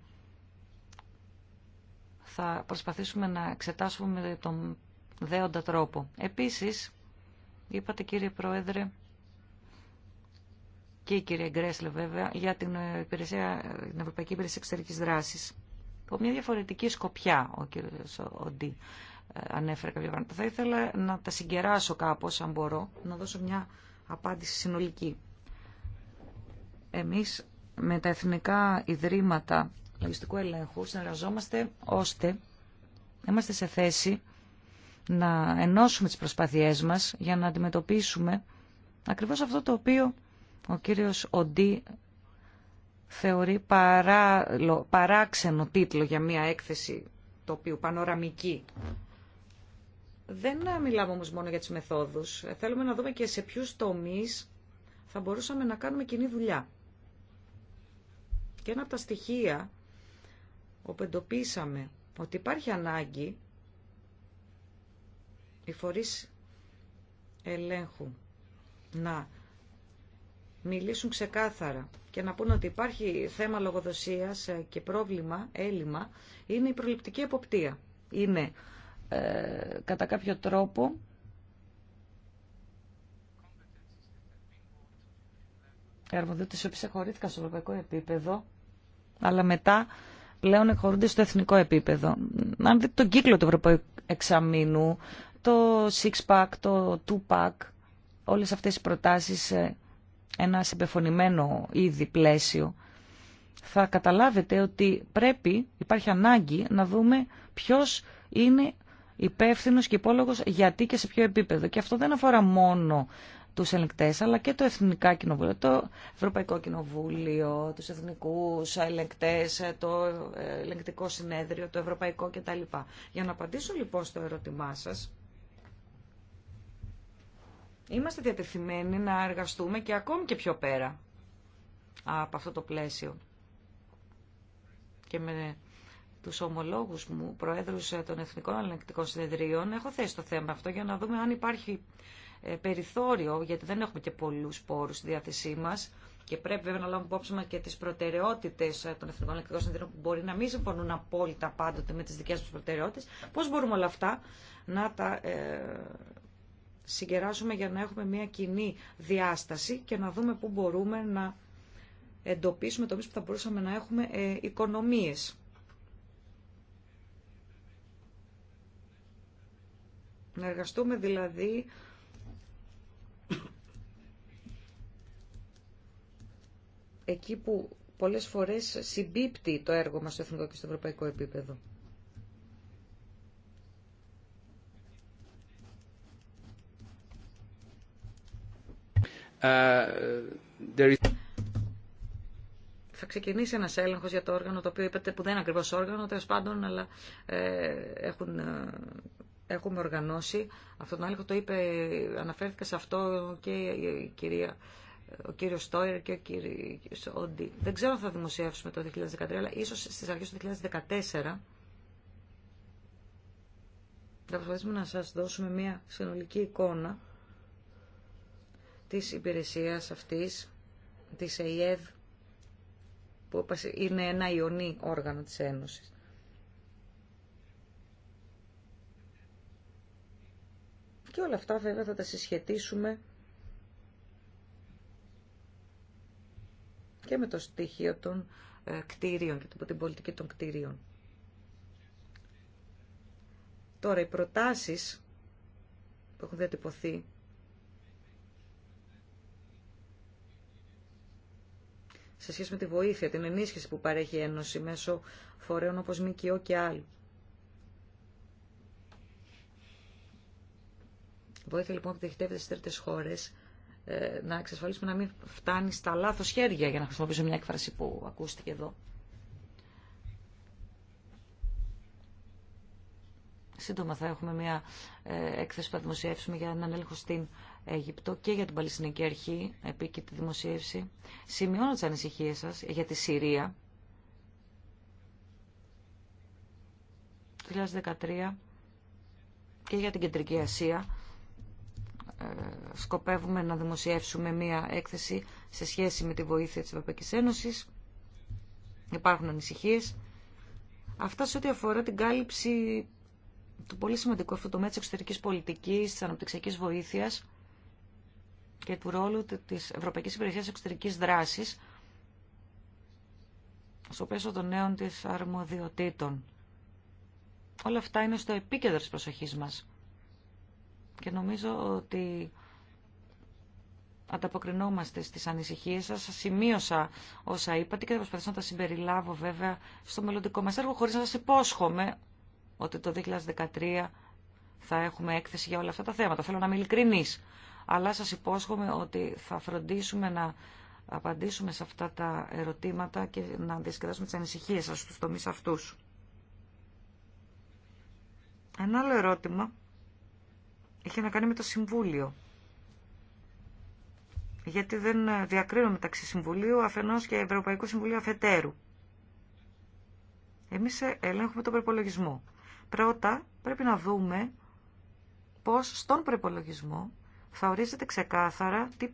θα προσπαθήσουμε να εξετάσουμε με τον δέοντα τρόπο. Επίσης, είπατε κύριε Πρόεδρε, και η κυρία Γκρέσλε βέβαια, για την, ε, υπηρεσία, την Ευρωπαϊκή Υπηρεσία Εξωτερικής Δράσης. Από μια διαφορετική σκοπιά ο κύριος Οντί κάποια Θα ήθελα να τα συγκεράσω κάπως, αν μπορώ, να δώσω μια απάντηση συνολική. Εμείς με τα εθνικά ιδρύματα λογιστικού ελέγχου συνεργαζόμαστε ώστε να είμαστε σε θέση να ενώσουμε τις προσπάθειές μας για να αντιμετωπίσουμε ακριβώς αυτό το οποίο ο κύριος Οντί θεωρεί παρά, παράξενο τίτλο για μια έκθεση το οποίο πανοραμική δεν μιλάμε όμως μόνο για τις μεθόδους. Θέλουμε να δούμε και σε ποιους τομείς θα μπορούσαμε να κάνουμε κοινή δουλειά. Και ένα από τα στοιχεία όπου εντοπίσαμε ότι υπάρχει ανάγκη οι φορείς ελέγχου να μιλήσουν ξεκάθαρα και να πούνε ότι υπάρχει θέμα λογοδοσίας και πρόβλημα, έλλειμμα, είναι η προληπτική εποπτεία. Είναι ε, κατά κάποιο τρόπο οι αρμοδιότητες οι οποίες στο ευρωπαϊκό επίπεδο αλλά μετά πλέον εχωρούνται στο εθνικό επίπεδο. Αν δείτε τον κύκλο του ευρωπαϊκού εξαμήνου, το six-pack, το two-pack, όλες αυτές οι προτάσεις ένα συμπεφωνημένο ήδη πλαίσιο, θα καταλάβετε ότι πρέπει, υπάρχει ανάγκη να δούμε ποιος είναι υπεύθυνο και υπόλογο γιατί και σε ποιο επίπεδο. Και αυτό δεν αφορά μόνο τους ελεγκτέ, αλλά και το Εθνικά Κοινοβούλιο, το Ευρωπαϊκό Κοινοβούλιο, τους εθνικούς Ελεγκτέ, το ε, ελεγκτικό συνέδριο, το ευρωπαϊκό κτλ. Για να απαντήσω λοιπόν στο ερώτημά σα. είμαστε διατεθειμένοι να εργαστούμε και ακόμη και πιο πέρα από αυτό το πλαίσιο και με του ομολόγου μου, προέδρου ε, των Εθνικών Αλληλεκτικών Συνεδρίων, έχω θέσει το θέμα αυτό για να δούμε αν υπάρχει ε, περιθώριο, γιατί δεν έχουμε και πολλού πόρου στη διάθεσή μα. και πρέπει βέβαια να λάβουμε υπόψη μα και τι προτεραιότητε ε, των Εθνικών Αλληλεκτικών Συνεδρίων που μπορεί να μην συμφωνούν απόλυτα πάντοτε με τι δικέ μα προτεραιότητες. πώ μπορούμε όλα αυτά να τα συγκεράσουμε για να έχουμε μια κοινή διάσταση και να δούμε πού μπορούμε να εντοπίσουμε το που θα μπορούσαμε να έχουμε οικονομίες. Να εργαστούμε δηλαδή εκεί που πολλές φορές συμπίπτει το έργο μας στο εθνικό και στο ευρωπαϊκό επίπεδο. Ε, is... Θα ξεκινήσει ένας έλεγχος για το όργανο το οποίο είπατε που δεν είναι ακριβώς όργανο, τέλο πάντων, αλλά ε, έχουν ε, έχουμε οργανώσει αυτόν τον άλλο το είπε, αναφέρθηκε σε αυτό και η κυρία ο κύριος Στόιρ και ο κύριος Όντι. Δεν ξέρω αν θα δημοσιεύσουμε το 2013, αλλά ίσως στις αρχές του 2014 θα προσπαθήσουμε να σας δώσουμε μια συνολική εικόνα της υπηρεσίας αυτής, της ΕΙΕΔ, που είναι ένα ιονή όργανο της Ένωσης. Και όλα αυτά βέβαια θα τα συσχετίσουμε και με το στοιχείο των ε, κτίριων και την πολιτική των κτίριων. Τώρα, οι προτάσεις που έχουν διατυπωθεί σε σχέση με τη βοήθεια, την ενίσχυση που παρέχει η Ένωση μέσω φορέων όπως ΜΚΟ και άλλοι. Βοήθεια λοιπόν που διεχτεύεται στι τρίτε χώρε ε, να εξασφαλίσουμε να μην φτάνει στα λάθο χέρια, για να χρησιμοποιήσω μια έκφραση που ακούστηκε εδώ. Σύντομα θα έχουμε μια ε, έκθεση που θα δημοσιεύσουμε για έναν έλεγχο στην Αιγυπτό και για την Παλαιστινική Αρχή, επίκειτη δημοσίευση. Σημειώνω τι ανησυχίε σα για τη Συρία. 2013 και για την Κεντρική Ασία ε, σκοπεύουμε να δημοσιεύσουμε μία έκθεση σε σχέση με τη βοήθεια της Ευρωπαϊκής Ένωσης. Υπάρχουν ανησυχίες. Αυτά σε ό,τι αφορά την κάλυψη του πολύ σημαντικού αυτού τομέα της εξωτερικής πολιτικής, της αναπτυξιακής βοήθειας και του ρόλου της Ευρωπαϊκής Υπηρεσίας Εξωτερικής Δράσης στο πέσο των νέων της αρμοδιοτήτων. Όλα αυτά είναι στο επίκεντρο της προσοχής μας και νομίζω ότι ανταποκρινόμαστε στις ανησυχίες σας. σημείωσα όσα είπατε και θα προσπαθήσω να τα συμπεριλάβω βέβαια στο μελλοντικό μας έργο χωρίς να σας υπόσχομαι ότι το 2013 θα έχουμε έκθεση για όλα αυτά τα θέματα. Θέλω να είμαι ειλικρινής, αλλά σας υπόσχομαι ότι θα φροντίσουμε να απαντήσουμε σε αυτά τα ερωτήματα και να διασκεδάσουμε τις ανησυχίες σας στους τομείς αυτούς. Ένα άλλο ερώτημα Είχε να κάνει με το Συμβούλιο. Γιατί δεν διακρίνω μεταξύ Συμβουλίου αφενός και Ευρωπαϊκού Συμβουλίου αφετέρου. Εμείς ελέγχουμε τον προπολογισμό. Πρώτα πρέπει να δούμε πώς στον προπολογισμό θα ορίζεται ξεκάθαρα τι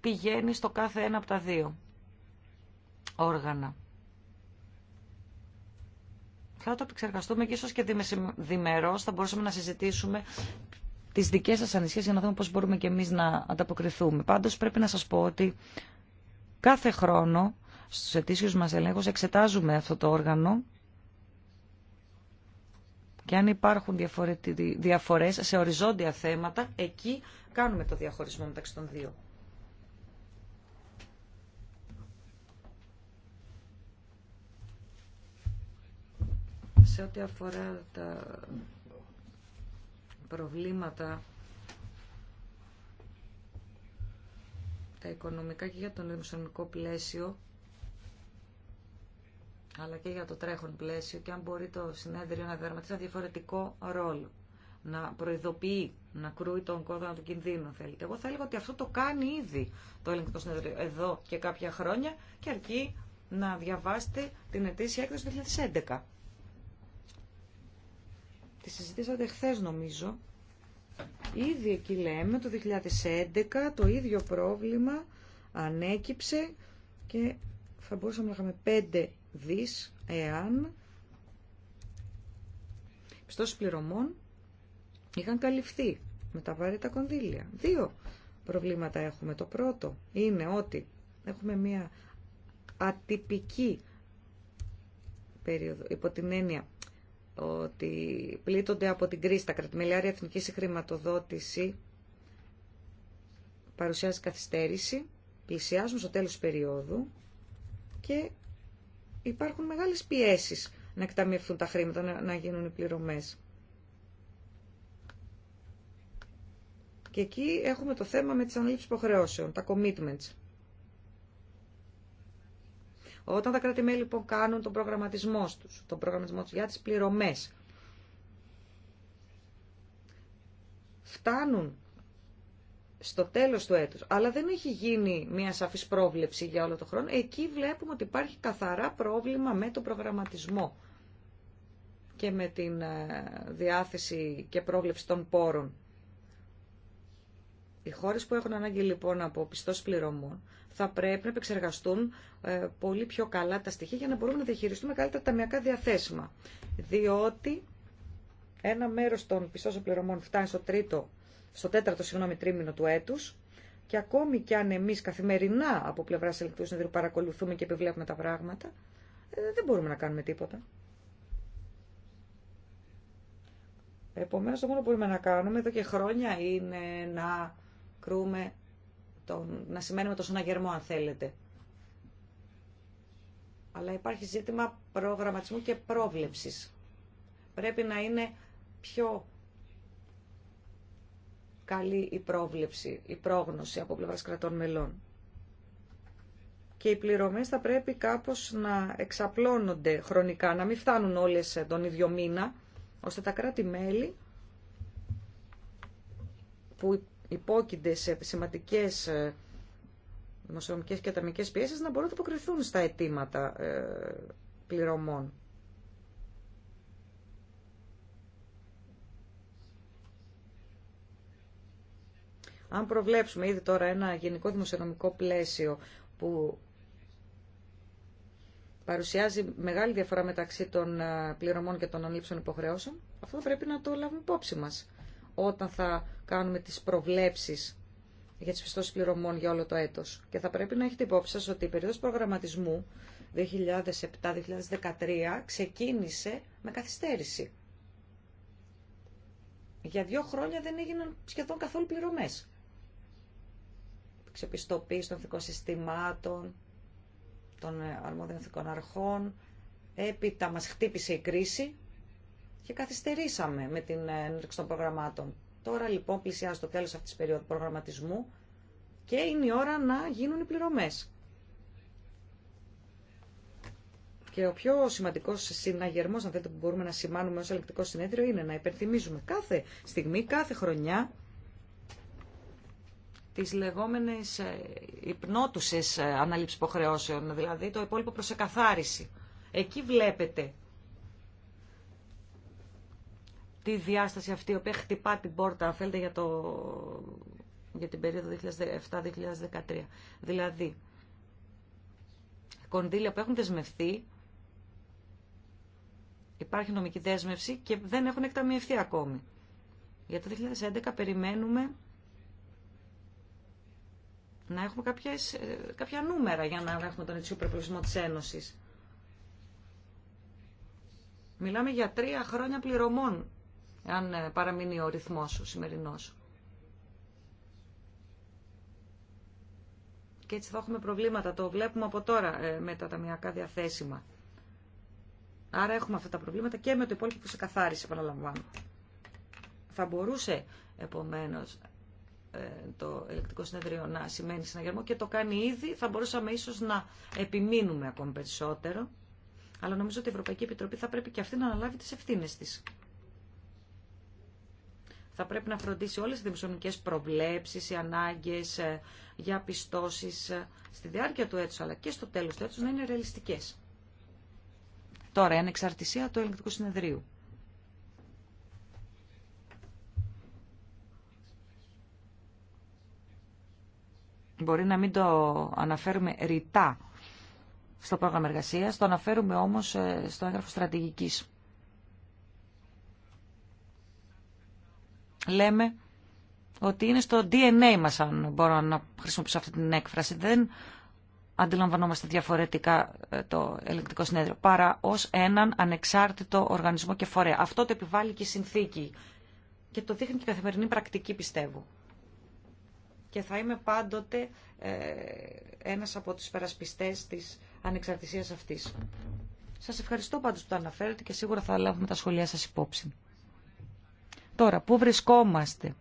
πηγαίνει στο κάθε ένα από τα δύο όργανα. Θα το επεξεργαστούμε και ίσω και διμερώς θα μπορούσαμε να συζητήσουμε τις δικέ σα ανησυχίε για να δούμε πώς μπορούμε και εμείς να ανταποκριθούμε. Πάντως πρέπει να σας πω ότι κάθε χρόνο στου ετήσιους μας ελέγχου εξετάζουμε αυτό το όργανο και αν υπάρχουν διαφορές σε οριζόντια θέματα, εκεί κάνουμε το διαχωρισμό μεταξύ των δύο. σε ό,τι αφορά τα προβλήματα τα οικονομικά και για το νομισματικό πλαίσιο αλλά και για το τρέχον πλαίσιο και αν μπορεί το συνέδριο να δραματίσει ένα διαφορετικό ρόλο να προειδοποιεί, να κρούει τον κόδωνα του κινδύνου, θέλετε. Εγώ θα έλεγα ότι αυτό το κάνει ήδη το Ελληνικό Συνέδριο εδώ και κάποια χρόνια και αρκεί να διαβάσετε την ετήσια έκδοση του 2011 τη συζητήσατε χθε νομίζω. Ήδη εκεί λέμε το 2011 το ίδιο πρόβλημα ανέκυψε και θα μπορούσαμε να είχαμε 5 δις εάν πιστώσεις πληρωμών είχαν καλυφθεί με τα βάρυτα κονδύλια. Δύο προβλήματα έχουμε. Το πρώτο είναι ότι έχουμε μια ατυπική περίοδο υπό την έννοια ότι πλήττονται από την κρίση. Τα κρατημελιάρια εθνική χρηματοδότηση παρουσιάζει καθυστέρηση, πλησιάζουν στο τέλος περίοδου και υπάρχουν μεγάλες πιέσεις να εκταμιευθούν τα χρήματα, να γίνουν οι πληρωμές. Και εκεί έχουμε το θέμα με τις αναλήψεις υποχρεώσεων, τα commitments. Όταν τα κράτη-μέλη λοιπόν κάνουν τον προγραμματισμό τους, τον προγραμματισμό τους για τι πληρωμέ. φτάνουν στο τέλος του έτους, αλλά δεν έχει γίνει μια σαφής πρόβλεψη για όλο το χρόνο, εκεί βλέπουμε ότι υπάρχει καθαρά πρόβλημα με τον προγραμματισμό και με την ε, διάθεση και πρόβλεψη των πόρων. Οι χώρες που έχουν ανάγκη λοιπόν από πιστός πληρωμών θα πρέπει να επεξεργαστούν ε, πολύ πιο καλά τα στοιχεία για να μπορούμε να διαχειριστούμε καλύτερα τα ταμιακά διαθέσιμα. Διότι ένα μέρος των πιστώσεων πληρωμών φτάνει στο, τρίτο, στο τέταρτο συγγνώμη, τρίμηνο του έτους και ακόμη κι αν εμείς καθημερινά από πλευρά ελεκτρικού συνεδρίου παρακολουθούμε και επιβλέπουμε τα πράγματα, ε, δεν μπορούμε να κάνουμε τίποτα. Επομένως, το μόνο που μπορούμε να κάνουμε εδώ και χρόνια είναι να κρούμε το, να με το συναγερμό αν θέλετε. Αλλά υπάρχει ζήτημα προγραμματισμού και πρόβλεψης. Πρέπει να είναι πιο καλή η πρόβλεψη, η πρόγνωση από πλευράς κρατών μελών. Και οι πληρωμές θα πρέπει κάπως να εξαπλώνονται χρονικά, να μην φτάνουν όλες τον ίδιο μήνα, ώστε τα κράτη-μέλη που υπόκεινται σε σημαντικές ε, δημοσιονομικές και αταμικές πιέσεις να μπορούν να αποκριθούν στα αιτήματα ε, πληρωμών. Αν προβλέψουμε ήδη τώρα ένα γενικό δημοσιονομικό πλαίσιο που παρουσιάζει μεγάλη διαφορά μεταξύ των ε, πληρωμών και των ανλήψεων υποχρεώσεων, αυτό πρέπει να το λάβουμε υπόψη μας όταν θα κάνουμε τις προβλέψεις για τις πιστώσεις πληρωμών για όλο το έτος. Και θα πρέπει να έχετε υπόψη σας ότι η περίοδος προγραμματισμού 2007-2013 ξεκίνησε με καθυστέρηση. Για δύο χρόνια δεν έγιναν σχεδόν καθόλου πληρωμές. Ξεπιστοποίηση των εθνικών συστημάτων, των αρμόδιων εθνικών αρχών. Έπειτα μας χτύπησε η κρίση και καθυστερήσαμε με την έναρξη των προγραμμάτων. Τώρα λοιπόν πλησιάζει το τέλος αυτής της περίοδου προγραμματισμού και είναι η ώρα να γίνουν οι πληρωμές. Και ο πιο σημαντικό συναγερμό, αν θέλετε, που μπορούμε να σημάνουμε ω ελεκτικό συνέδριο είναι να υπενθυμίζουμε κάθε στιγμή, κάθε χρονιά, τις λεγόμενες ε, υπνότουσες ε, αναλήψεις υποχρεώσεων, δηλαδή το υπόλοιπο προσεκαθάριση. Εκεί βλέπετε τη διάσταση αυτή η οποία χτυπά την πόρτα θέλετε, για, το, για την περίοδο 2007-2013. Δηλαδή, κονδύλια που έχουν δεσμευθεί υπάρχει νομική δέσμευση και δεν έχουν εκταμιευθεί ακόμη. Για το 2011 περιμένουμε να έχουμε κάποιες, ε, κάποια νούμερα για να έχουμε τον ετσιού προπλησμό της Ένωσης. Μιλάμε για τρία χρόνια πληρωμών αν ε, παραμείνει ο ρυθμός ο σημερινός. Και έτσι θα έχουμε προβλήματα. Το βλέπουμε από τώρα ε, με τα ταμιακά διαθέσιμα. Άρα έχουμε αυτά τα προβλήματα και με το υπόλοιπο που σε καθάρισε, επαναλαμβάνω. Θα μπορούσε, επομένως, ε, το ελεκτικό συνεδρίο να σημαίνει συναγερμό και το κάνει ήδη, θα μπορούσαμε ίσως να επιμείνουμε ακόμη περισσότερο. Αλλά νομίζω ότι η Ευρωπαϊκή Επιτροπή θα πρέπει και αυτή να αναλάβει τις ευθύνες της θα πρέπει να φροντίσει όλες τις δημοσιονομικές προβλέψεις, οι ανάγκες ε, για πιστώσεις ε, στη διάρκεια του έτους, αλλά και στο τέλος του έτους να είναι ρεαλιστικές. Τώρα, η ανεξαρτησία του ελληνικού συνεδρίου. Μπορεί να μην το αναφέρουμε ρητά στο πρόγραμμα εργασίας, το αναφέρουμε όμως ε, στο έγγραφο στρατηγικής. λέμε ότι είναι στο DNA μας, αν μπορώ να χρησιμοποιήσω αυτή την έκφραση. Δεν αντιλαμβανόμαστε διαφορετικά ε, το ελεγκτικό συνέδριο, παρά ως έναν ανεξάρτητο οργανισμό και φορέα. Αυτό το επιβάλλει και η συνθήκη και το δείχνει και η καθημερινή πρακτική, πιστεύω. Και θα είμαι πάντοτε ε, ένας από τους περασπιστές της ανεξαρτησίας αυτής. Σας ευχαριστώ πάντως που το αναφέρετε και σίγουρα θα λάβουμε τα σχολεία σας υπόψη. Τώρα, πού βρισκόμαστε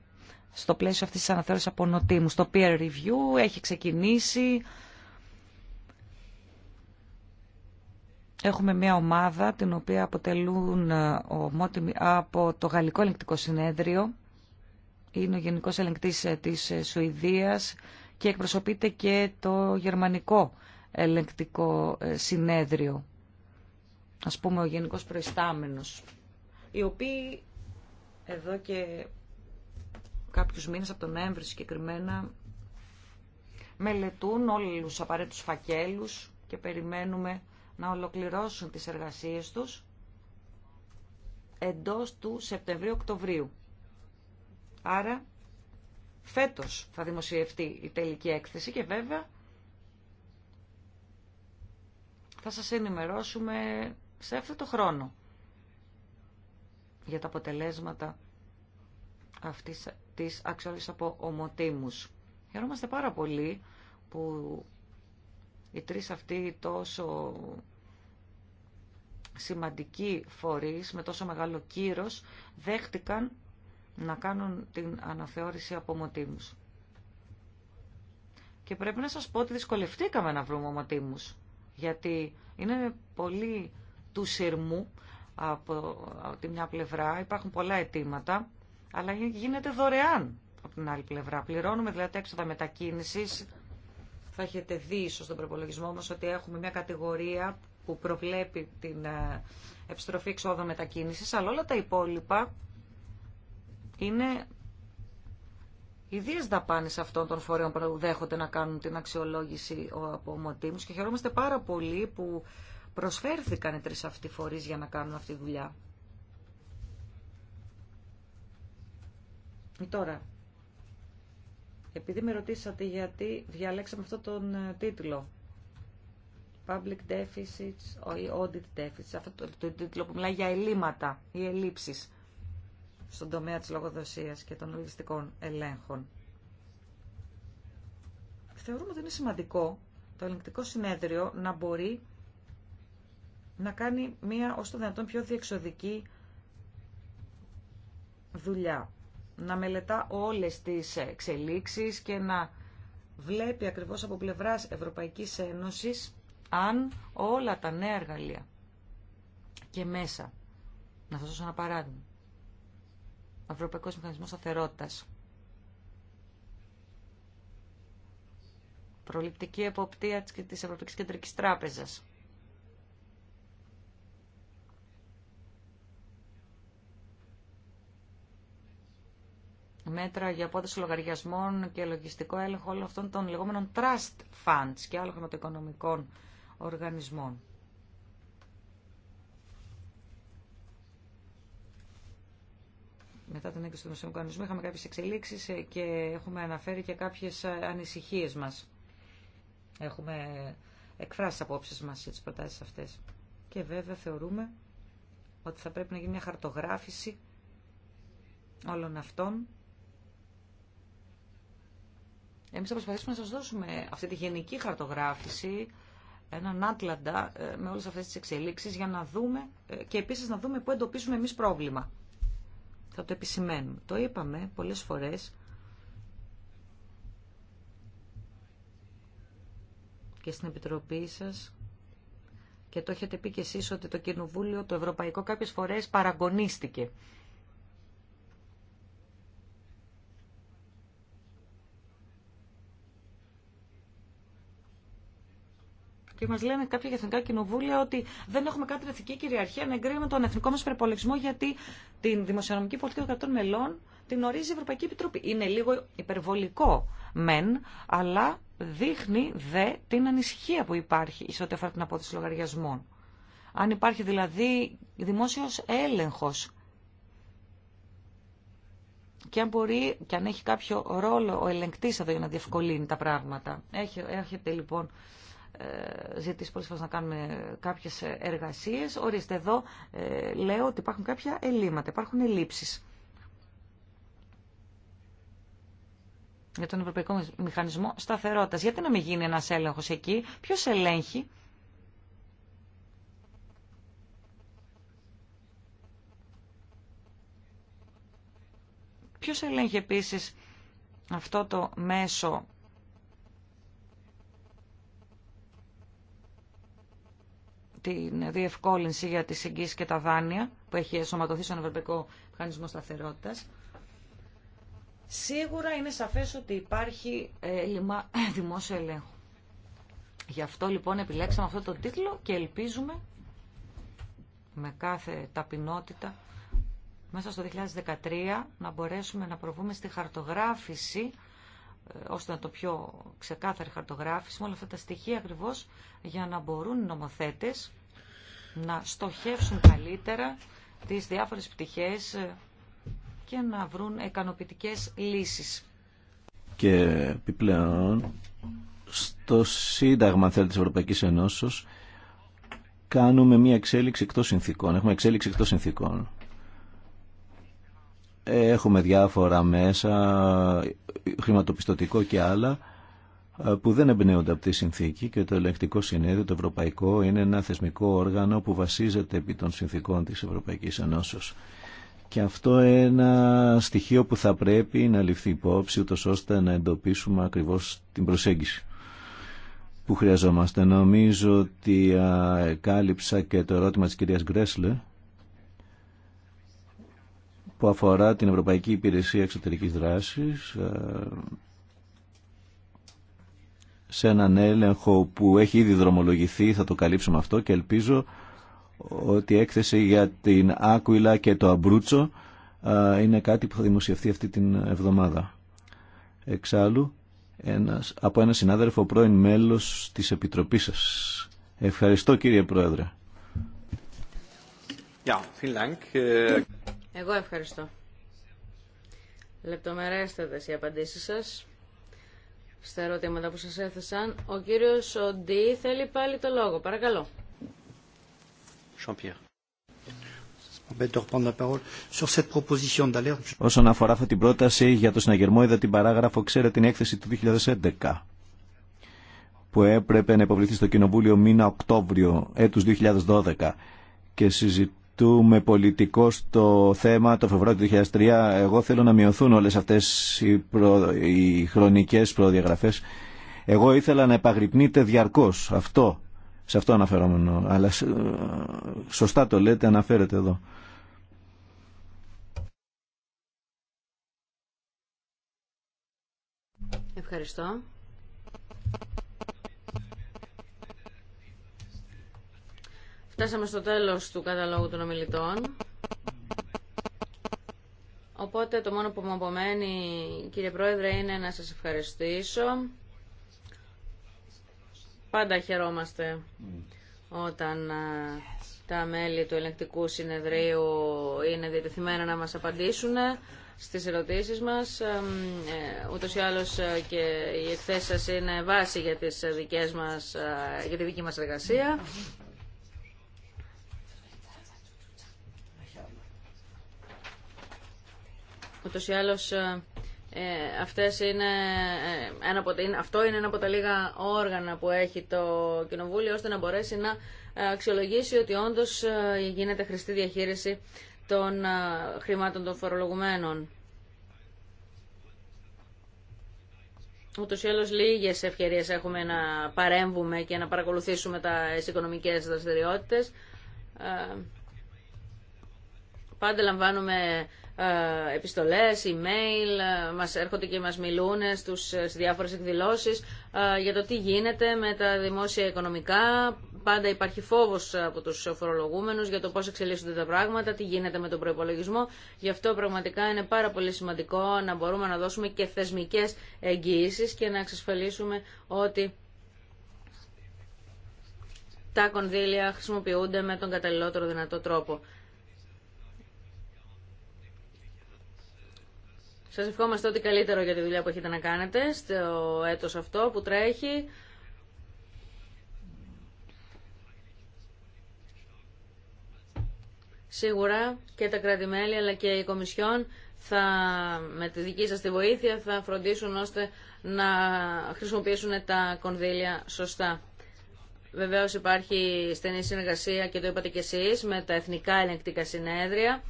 στο πλαίσιο αυτής της αναθεώρησης από Νοτίμου. στο peer review, έχει ξεκινήσει. Έχουμε μια ομάδα την οποία αποτελούν ε, ομότιμοι από το Γαλλικό Ελεγκτικό Συνέδριο, είναι ο Γενικός Ελεγκτής ε, της ε, Σουηδίας και εκπροσωπείται και το Γερμανικό Ελεγκτικό Συνέδριο, ας πούμε ο Γενικός Προϊστάμενος, οι οποίοι εδώ και κάποιους μήνες, από τον Νοέμβρη συγκεκριμένα, μελετούν όλους τους απαραίτητους φακέλους και περιμένουμε να ολοκληρώσουν τις εργασίες τους εντός του Σεπτεμβρίου-Οκτωβρίου. Άρα, φέτος θα δημοσιευτεί η τελική έκθεση και βέβαια θα σας ενημερώσουμε σε αυτό το χρόνο για τα αποτελέσματα αυτής της αξιόλογης από ομοτήμους. Χαιρόμαστε πάρα πολύ που οι τρεις αυτοί τόσο σημαντικοί φορείς με τόσο μεγάλο κύρος δέχτηκαν να κάνουν την αναθεώρηση από ομοτήμους. Και πρέπει να σας πω ότι δυσκολευτήκαμε να βρούμε ομοτήμους, γιατί είναι πολύ του σειρμού από τη μια πλευρά. Υπάρχουν πολλά αιτήματα, αλλά γίνεται δωρεάν από την άλλη πλευρά. Πληρώνουμε δηλαδή έξοδα μετακίνηση. Θα έχετε δει ίσω στον προπολογισμό μας ότι έχουμε μια κατηγορία που προβλέπει την ε, επιστροφή εξόδων μετακίνηση, αλλά όλα τα υπόλοιπα είναι ιδίες δαπάνες αυτών των φορέων που δέχονται να κάνουν την αξιολόγηση από ομοτήμους και χαιρόμαστε πάρα πολύ που προσφέρθηκαν οι τρεις αυτοί φορείς για να κάνουν αυτή τη δουλειά. Ε, τώρα, επειδή με ρωτήσατε γιατί διαλέξαμε αυτό τον ε, τίτλο, Public Deficits or Audit Deficits, αυτό το, το τίτλο που μιλάει για ελλείμματα ή ελλείψεις στον τομέα της λογοδοσίας και των οριστικών ελέγχων. Θεωρούμε ότι είναι σημαντικό το ελληνικτικό συνέδριο να μπορεί να κάνει μία ως το δυνατόν πιο διεξοδική δουλειά. Να μελετά όλες τις εξελίξεις και να βλέπει ακριβώς από πλευράς Ευρωπαϊκής Ένωσης αν όλα τα νέα εργαλεία και μέσα. Να σας δώσω ένα παράδειγμα. Ευρωπαϊκός Μηχανισμός Σταθερότητας. Προληπτική εποπτεία της Ευρωπαϊκής Κεντρικής Τράπεζας. μέτρα για απόδοση λογαριασμών και λογιστικό έλεγχο όλων αυτών των λεγόμενων trust funds και άλλων χρηματοοικονομικών οργανισμών. Μετά την έκδοση του Μεσαίου οργανισμού είχαμε κάποιες εξελίξεις ε, και έχουμε αναφέρει και κάποιες ε, ανησυχίες μας. Έχουμε εκφράσει απόψεις μας για τις προτάσεις αυτές. Και βέβαια θεωρούμε ότι θα πρέπει να γίνει μια χαρτογράφηση όλων αυτών εμείς θα προσπαθήσουμε να σας δώσουμε αυτή τη γενική χαρτογράφηση, έναν άτλαντα ε, με όλες αυτές τις εξελίξεις για να δούμε ε, και επίσης να δούμε πού εντοπίζουμε εμείς πρόβλημα. Θα το επισημαίνουμε. Το είπαμε πολλές φορές και στην Επιτροπή σας και το έχετε πει και εσείς ότι το Κοινοβούλιο το Ευρωπαϊκό κάποιες φορές παραγωνίστηκε Και μα λένε κάποια εθνικά κοινοβούλια ότι δεν έχουμε κάτι εθνική κυριαρχία να εγκρίνουμε τον εθνικό μα προπολογισμό γιατί την δημοσιονομική πολιτική των κρατών μελών την ορίζει η Ευρωπαϊκή Επιτροπή. Είναι λίγο υπερβολικό μεν, αλλά δείχνει δε την ανησυχία που υπάρχει σε ό,τι αφορά την απόδοση λογαριασμών. Αν υπάρχει δηλαδή δημόσιος έλεγχος και αν μπορεί και αν έχει κάποιο ρόλο ο ελεγκτής εδώ για να διευκολύνει τα πράγματα. Έχετε λοιπόν ε, ζητήσει πολλές φορές να κάνουμε κάποιες εργασίες. Ορίστε εδώ ε, λέω ότι υπάρχουν κάποια ελλείμματα, υπάρχουν ελλείψεις. για τον Ευρωπαϊκό Μηχανισμό Σταθερότητα. Γιατί να μην γίνει ένα έλεγχο εκεί, ποιο ελέγχει. Ποιος ελέγχει επίσης αυτό το μέσο την διευκόλυνση για τις εγγύσεις και τα δάνεια που έχει εσωματωθεί στον Ευρωπαϊκό Μηχανισμό Σταθερότητας. Σίγουρα είναι σαφές ότι υπάρχει ε, έλλειμμα ε, δημόσιο ελέγχου. Γι' αυτό λοιπόν επιλέξαμε αυτό το τίτλο και ελπίζουμε με κάθε ταπεινότητα μέσα στο 2013 να μπορέσουμε να προβούμε στη χαρτογράφηση ε, ώστε να το πιο ξεκάθαρη χαρτογράφηση, όλα αυτά τα στοιχεία ακριβώς για να μπορούν οι νομοθέτες να στοχεύσουν καλύτερα τις διάφορες πτυχές ε, και να βρουν ικανοποιητικέ λύσεις. Και επιπλέον στο Σύνταγμα τη της Ευρωπαϊκής Ενώσης κάνουμε μια εξέλιξη εκτός συνθήκων. Έχουμε εξέλιξη εκτός συνθήκων. Έχουμε διάφορα μέσα, χρηματοπιστωτικό και άλλα, που δεν εμπνέονται από τη συνθήκη και το ελεγκτικό συνέδριο, το ευρωπαϊκό, είναι ένα θεσμικό όργανο που βασίζεται επί των συνθήκων της Ευρωπαϊκής Ενώσεως. Και αυτό είναι ένα στοιχείο που θα πρέπει να ληφθεί υπόψη, ούτως ώστε να εντοπίσουμε ακριβώς την προσέγγιση που χρειαζόμαστε. Νομίζω ότι κάλυψα και το ερώτημα της κυρίας Γκρέσλε που αφορά την Ευρωπαϊκή Υπηρεσία Εξωτερικής Δράσης ε, σε έναν έλεγχο που έχει ήδη δρομολογηθεί, θα το καλύψουμε αυτό και ελπίζω ότι η έκθεση για την Άκουιλα και το Αμπρούτσο ε, είναι κάτι που θα δημοσιευτεί αυτή την εβδομάδα. Εξάλλου, ένας, από ένα συνάδελφο πρώην μέλος της Επιτροπής σας. Ευχαριστώ κύριε Πρόεδρε. Yeah, εγώ ευχαριστώ. Λεπτομερέστατες οι απαντήσεις σας στα ερωτήματα που σας έθεσαν. Ο κύριος Οντί θέλει πάλι το λόγο. Παρακαλώ. Όσον αφορά αυτή την πρόταση για το συναγερμό, είδα την παράγραφο, ξέρετε, την έκθεση του 2011 που έπρεπε να υποβληθεί στο Κοινοβούλιο μήνα Οκτώβριο έτους 2012 και συζητήσαμε με πολιτικό στο θέμα το Φεβρουάριο του 2003, εγώ θέλω να μειωθούν όλες αυτές οι, προ... οι χρονικές προδιαγραφές. Εγώ ήθελα να επαγρυπνείτε διαρκώς αυτό, σε αυτό αναφερόμενο, αλλά σωστά το λέτε, αναφέρετε εδώ. Ευχαριστώ. Φτάσαμε στο τέλος του καταλόγου των ομιλητών. Οπότε το μόνο που μου απομένει, κύριε Πρόεδρε, είναι να σας ευχαριστήσω. Πάντα χαιρόμαστε όταν τα μέλη του ελεκτικού συνεδρίου είναι διατεθειμένα να μας απαντήσουν στις ερωτήσεις μας. Ε, ε, ούτως ή άλλως ε, και η εκθέση σας είναι βάση για, τις δικές μας, για τη δική μας εργασία. Ούτως ή άλλως ε, ε, αυτές είναι, ε, ένα από, είναι, αυτό είναι ένα από τα λίγα όργανα που έχει το Κοινοβούλιο ώστε να μπορέσει να αξιολογήσει ότι όντως γίνεται χρηστή διαχείριση των χρημάτων των φορολογουμένων. Ούτως ή άλλως λίγες ευκαιρίες έχουμε να παρέμβουμε και να παρακολουθήσουμε τα οικονομικές δραστηριότητες. πάντα λαμβάνουμε ε, επιστολές, email, ε, μας έρχονται και μας μιλούν στους, ε, στις διάφορες εκδηλώσεις για το τι γίνεται με τα δημόσια οικονομικά. Πάντα υπάρχει φόβος από τους φορολογούμενους για το πώς εξελίσσονται τα πράγματα, τι γίνεται με τον προϋπολογισμό. Γι' αυτό πραγματικά είναι πάρα πολύ σημαντικό να μπορούμε να δώσουμε και θεσμικές εγγυήσεις και να εξασφαλίσουμε ότι τα κονδύλια χρησιμοποιούνται με τον καταλληλότερο δυνατό τρόπο. Σας ευχόμαστε ό,τι καλύτερο για τη δουλειά που έχετε να κάνετε στο έτος αυτό που τρέχει. Σίγουρα και τα κρατη αλλά και η Κομισιόν θα, με τη δική σας τη βοήθεια θα φροντίσουν ώστε να χρησιμοποιήσουν τα κονδύλια σωστά. Βεβαίως υπάρχει στενή συνεργασία και το είπατε και εσείς με τα εθνικά ελεγκτικά συνέδρια.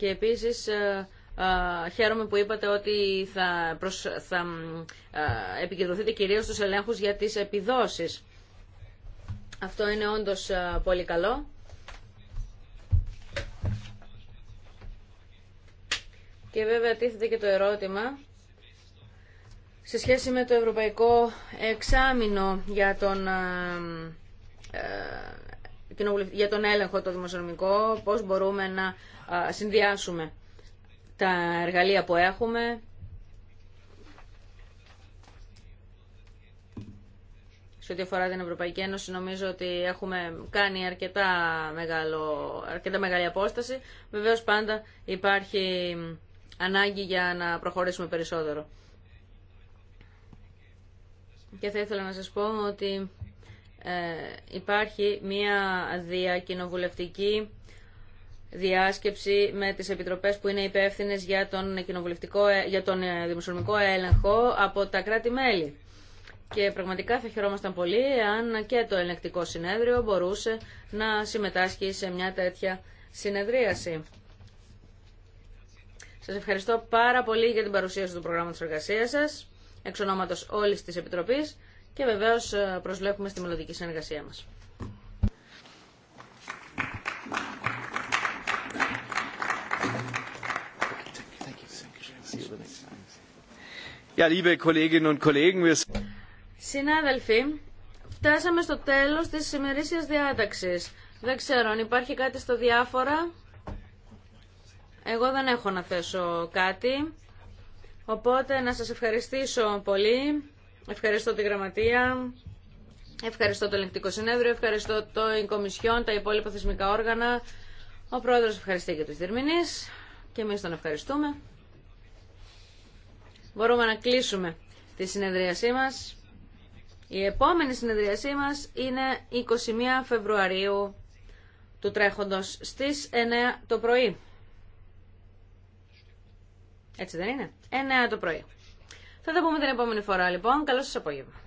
Και επίσης ε, ε, χαίρομαι που είπατε ότι θα, θα ε, επικεντρωθείτε κυρίως στους ελέγχους για τις επιδόσεις. Αυτό είναι όντως πολύ καλό. Και βέβαια τίθεται και το ερώτημα σε σχέση με το ευρωπαϊκό εξάμεινο για τον, για τον έλεγχο το δημοσιονομικό, πώς μπορούμε να συνδυάσουμε τα εργαλεία που έχουμε, σε ό,τι αφορά την Ευρωπαϊκή Ένωση νομίζω ότι έχουμε κάνει αρκετά, μεγάλο, αρκετά μεγάλη απόσταση. Βεβαίως πάντα υπάρχει ανάγκη για να προχωρήσουμε περισσότερο. Και θα ήθελα να σας πω ότι ε, υπάρχει μια διακοινοβουλευτική διάσκεψη με τις επιτροπές που είναι υπεύθυνε για τον, κοινοβουλευτικό, ε, για τον ε, δημοσιονομικό έλεγχο από τα κράτη-μέλη. Και πραγματικά θα χαιρόμασταν πολύ αν και το ελεγκτικό συνέδριο μπορούσε να συμμετάσχει σε μια τέτοια συνεδρίαση. Σας ευχαριστώ πάρα πολύ για την παρουσίαση του προγράμματος εργασίας σας, εξ ονόματος όλης της Επιτροπής και βεβαίως ε, προσβλέπουμε στη μελλοντική συνεργασία μας. Συνάδελφοι, φτάσαμε στο τέλος της ημερήσιας διάταξης. Δεν ξέρω αν υπάρχει κάτι στο διάφορα. Εγώ δεν έχω να θέσω κάτι. Οπότε να σας ευχαριστήσω πολύ. Ευχαριστώ τη Γραμματεία. Ευχαριστώ το Ελεκτικό Συνέδριο. Ευχαριστώ το Ινκομισιόν, τα υπόλοιπα θεσμικά όργανα. Ο Πρόεδρος ευχαριστεί και τους Δερμηνείς. Και εμείς τον ευχαριστούμε μπορούμε να κλείσουμε τη συνεδρίασή μας. Η επόμενη συνεδρίασή μας είναι 21 Φεβρουαρίου του τρέχοντος στις 9 το πρωί. Έτσι δεν είναι. 9 το πρωί. Θα τα πούμε την επόμενη φορά λοιπόν. Καλώς σας απόγευμα.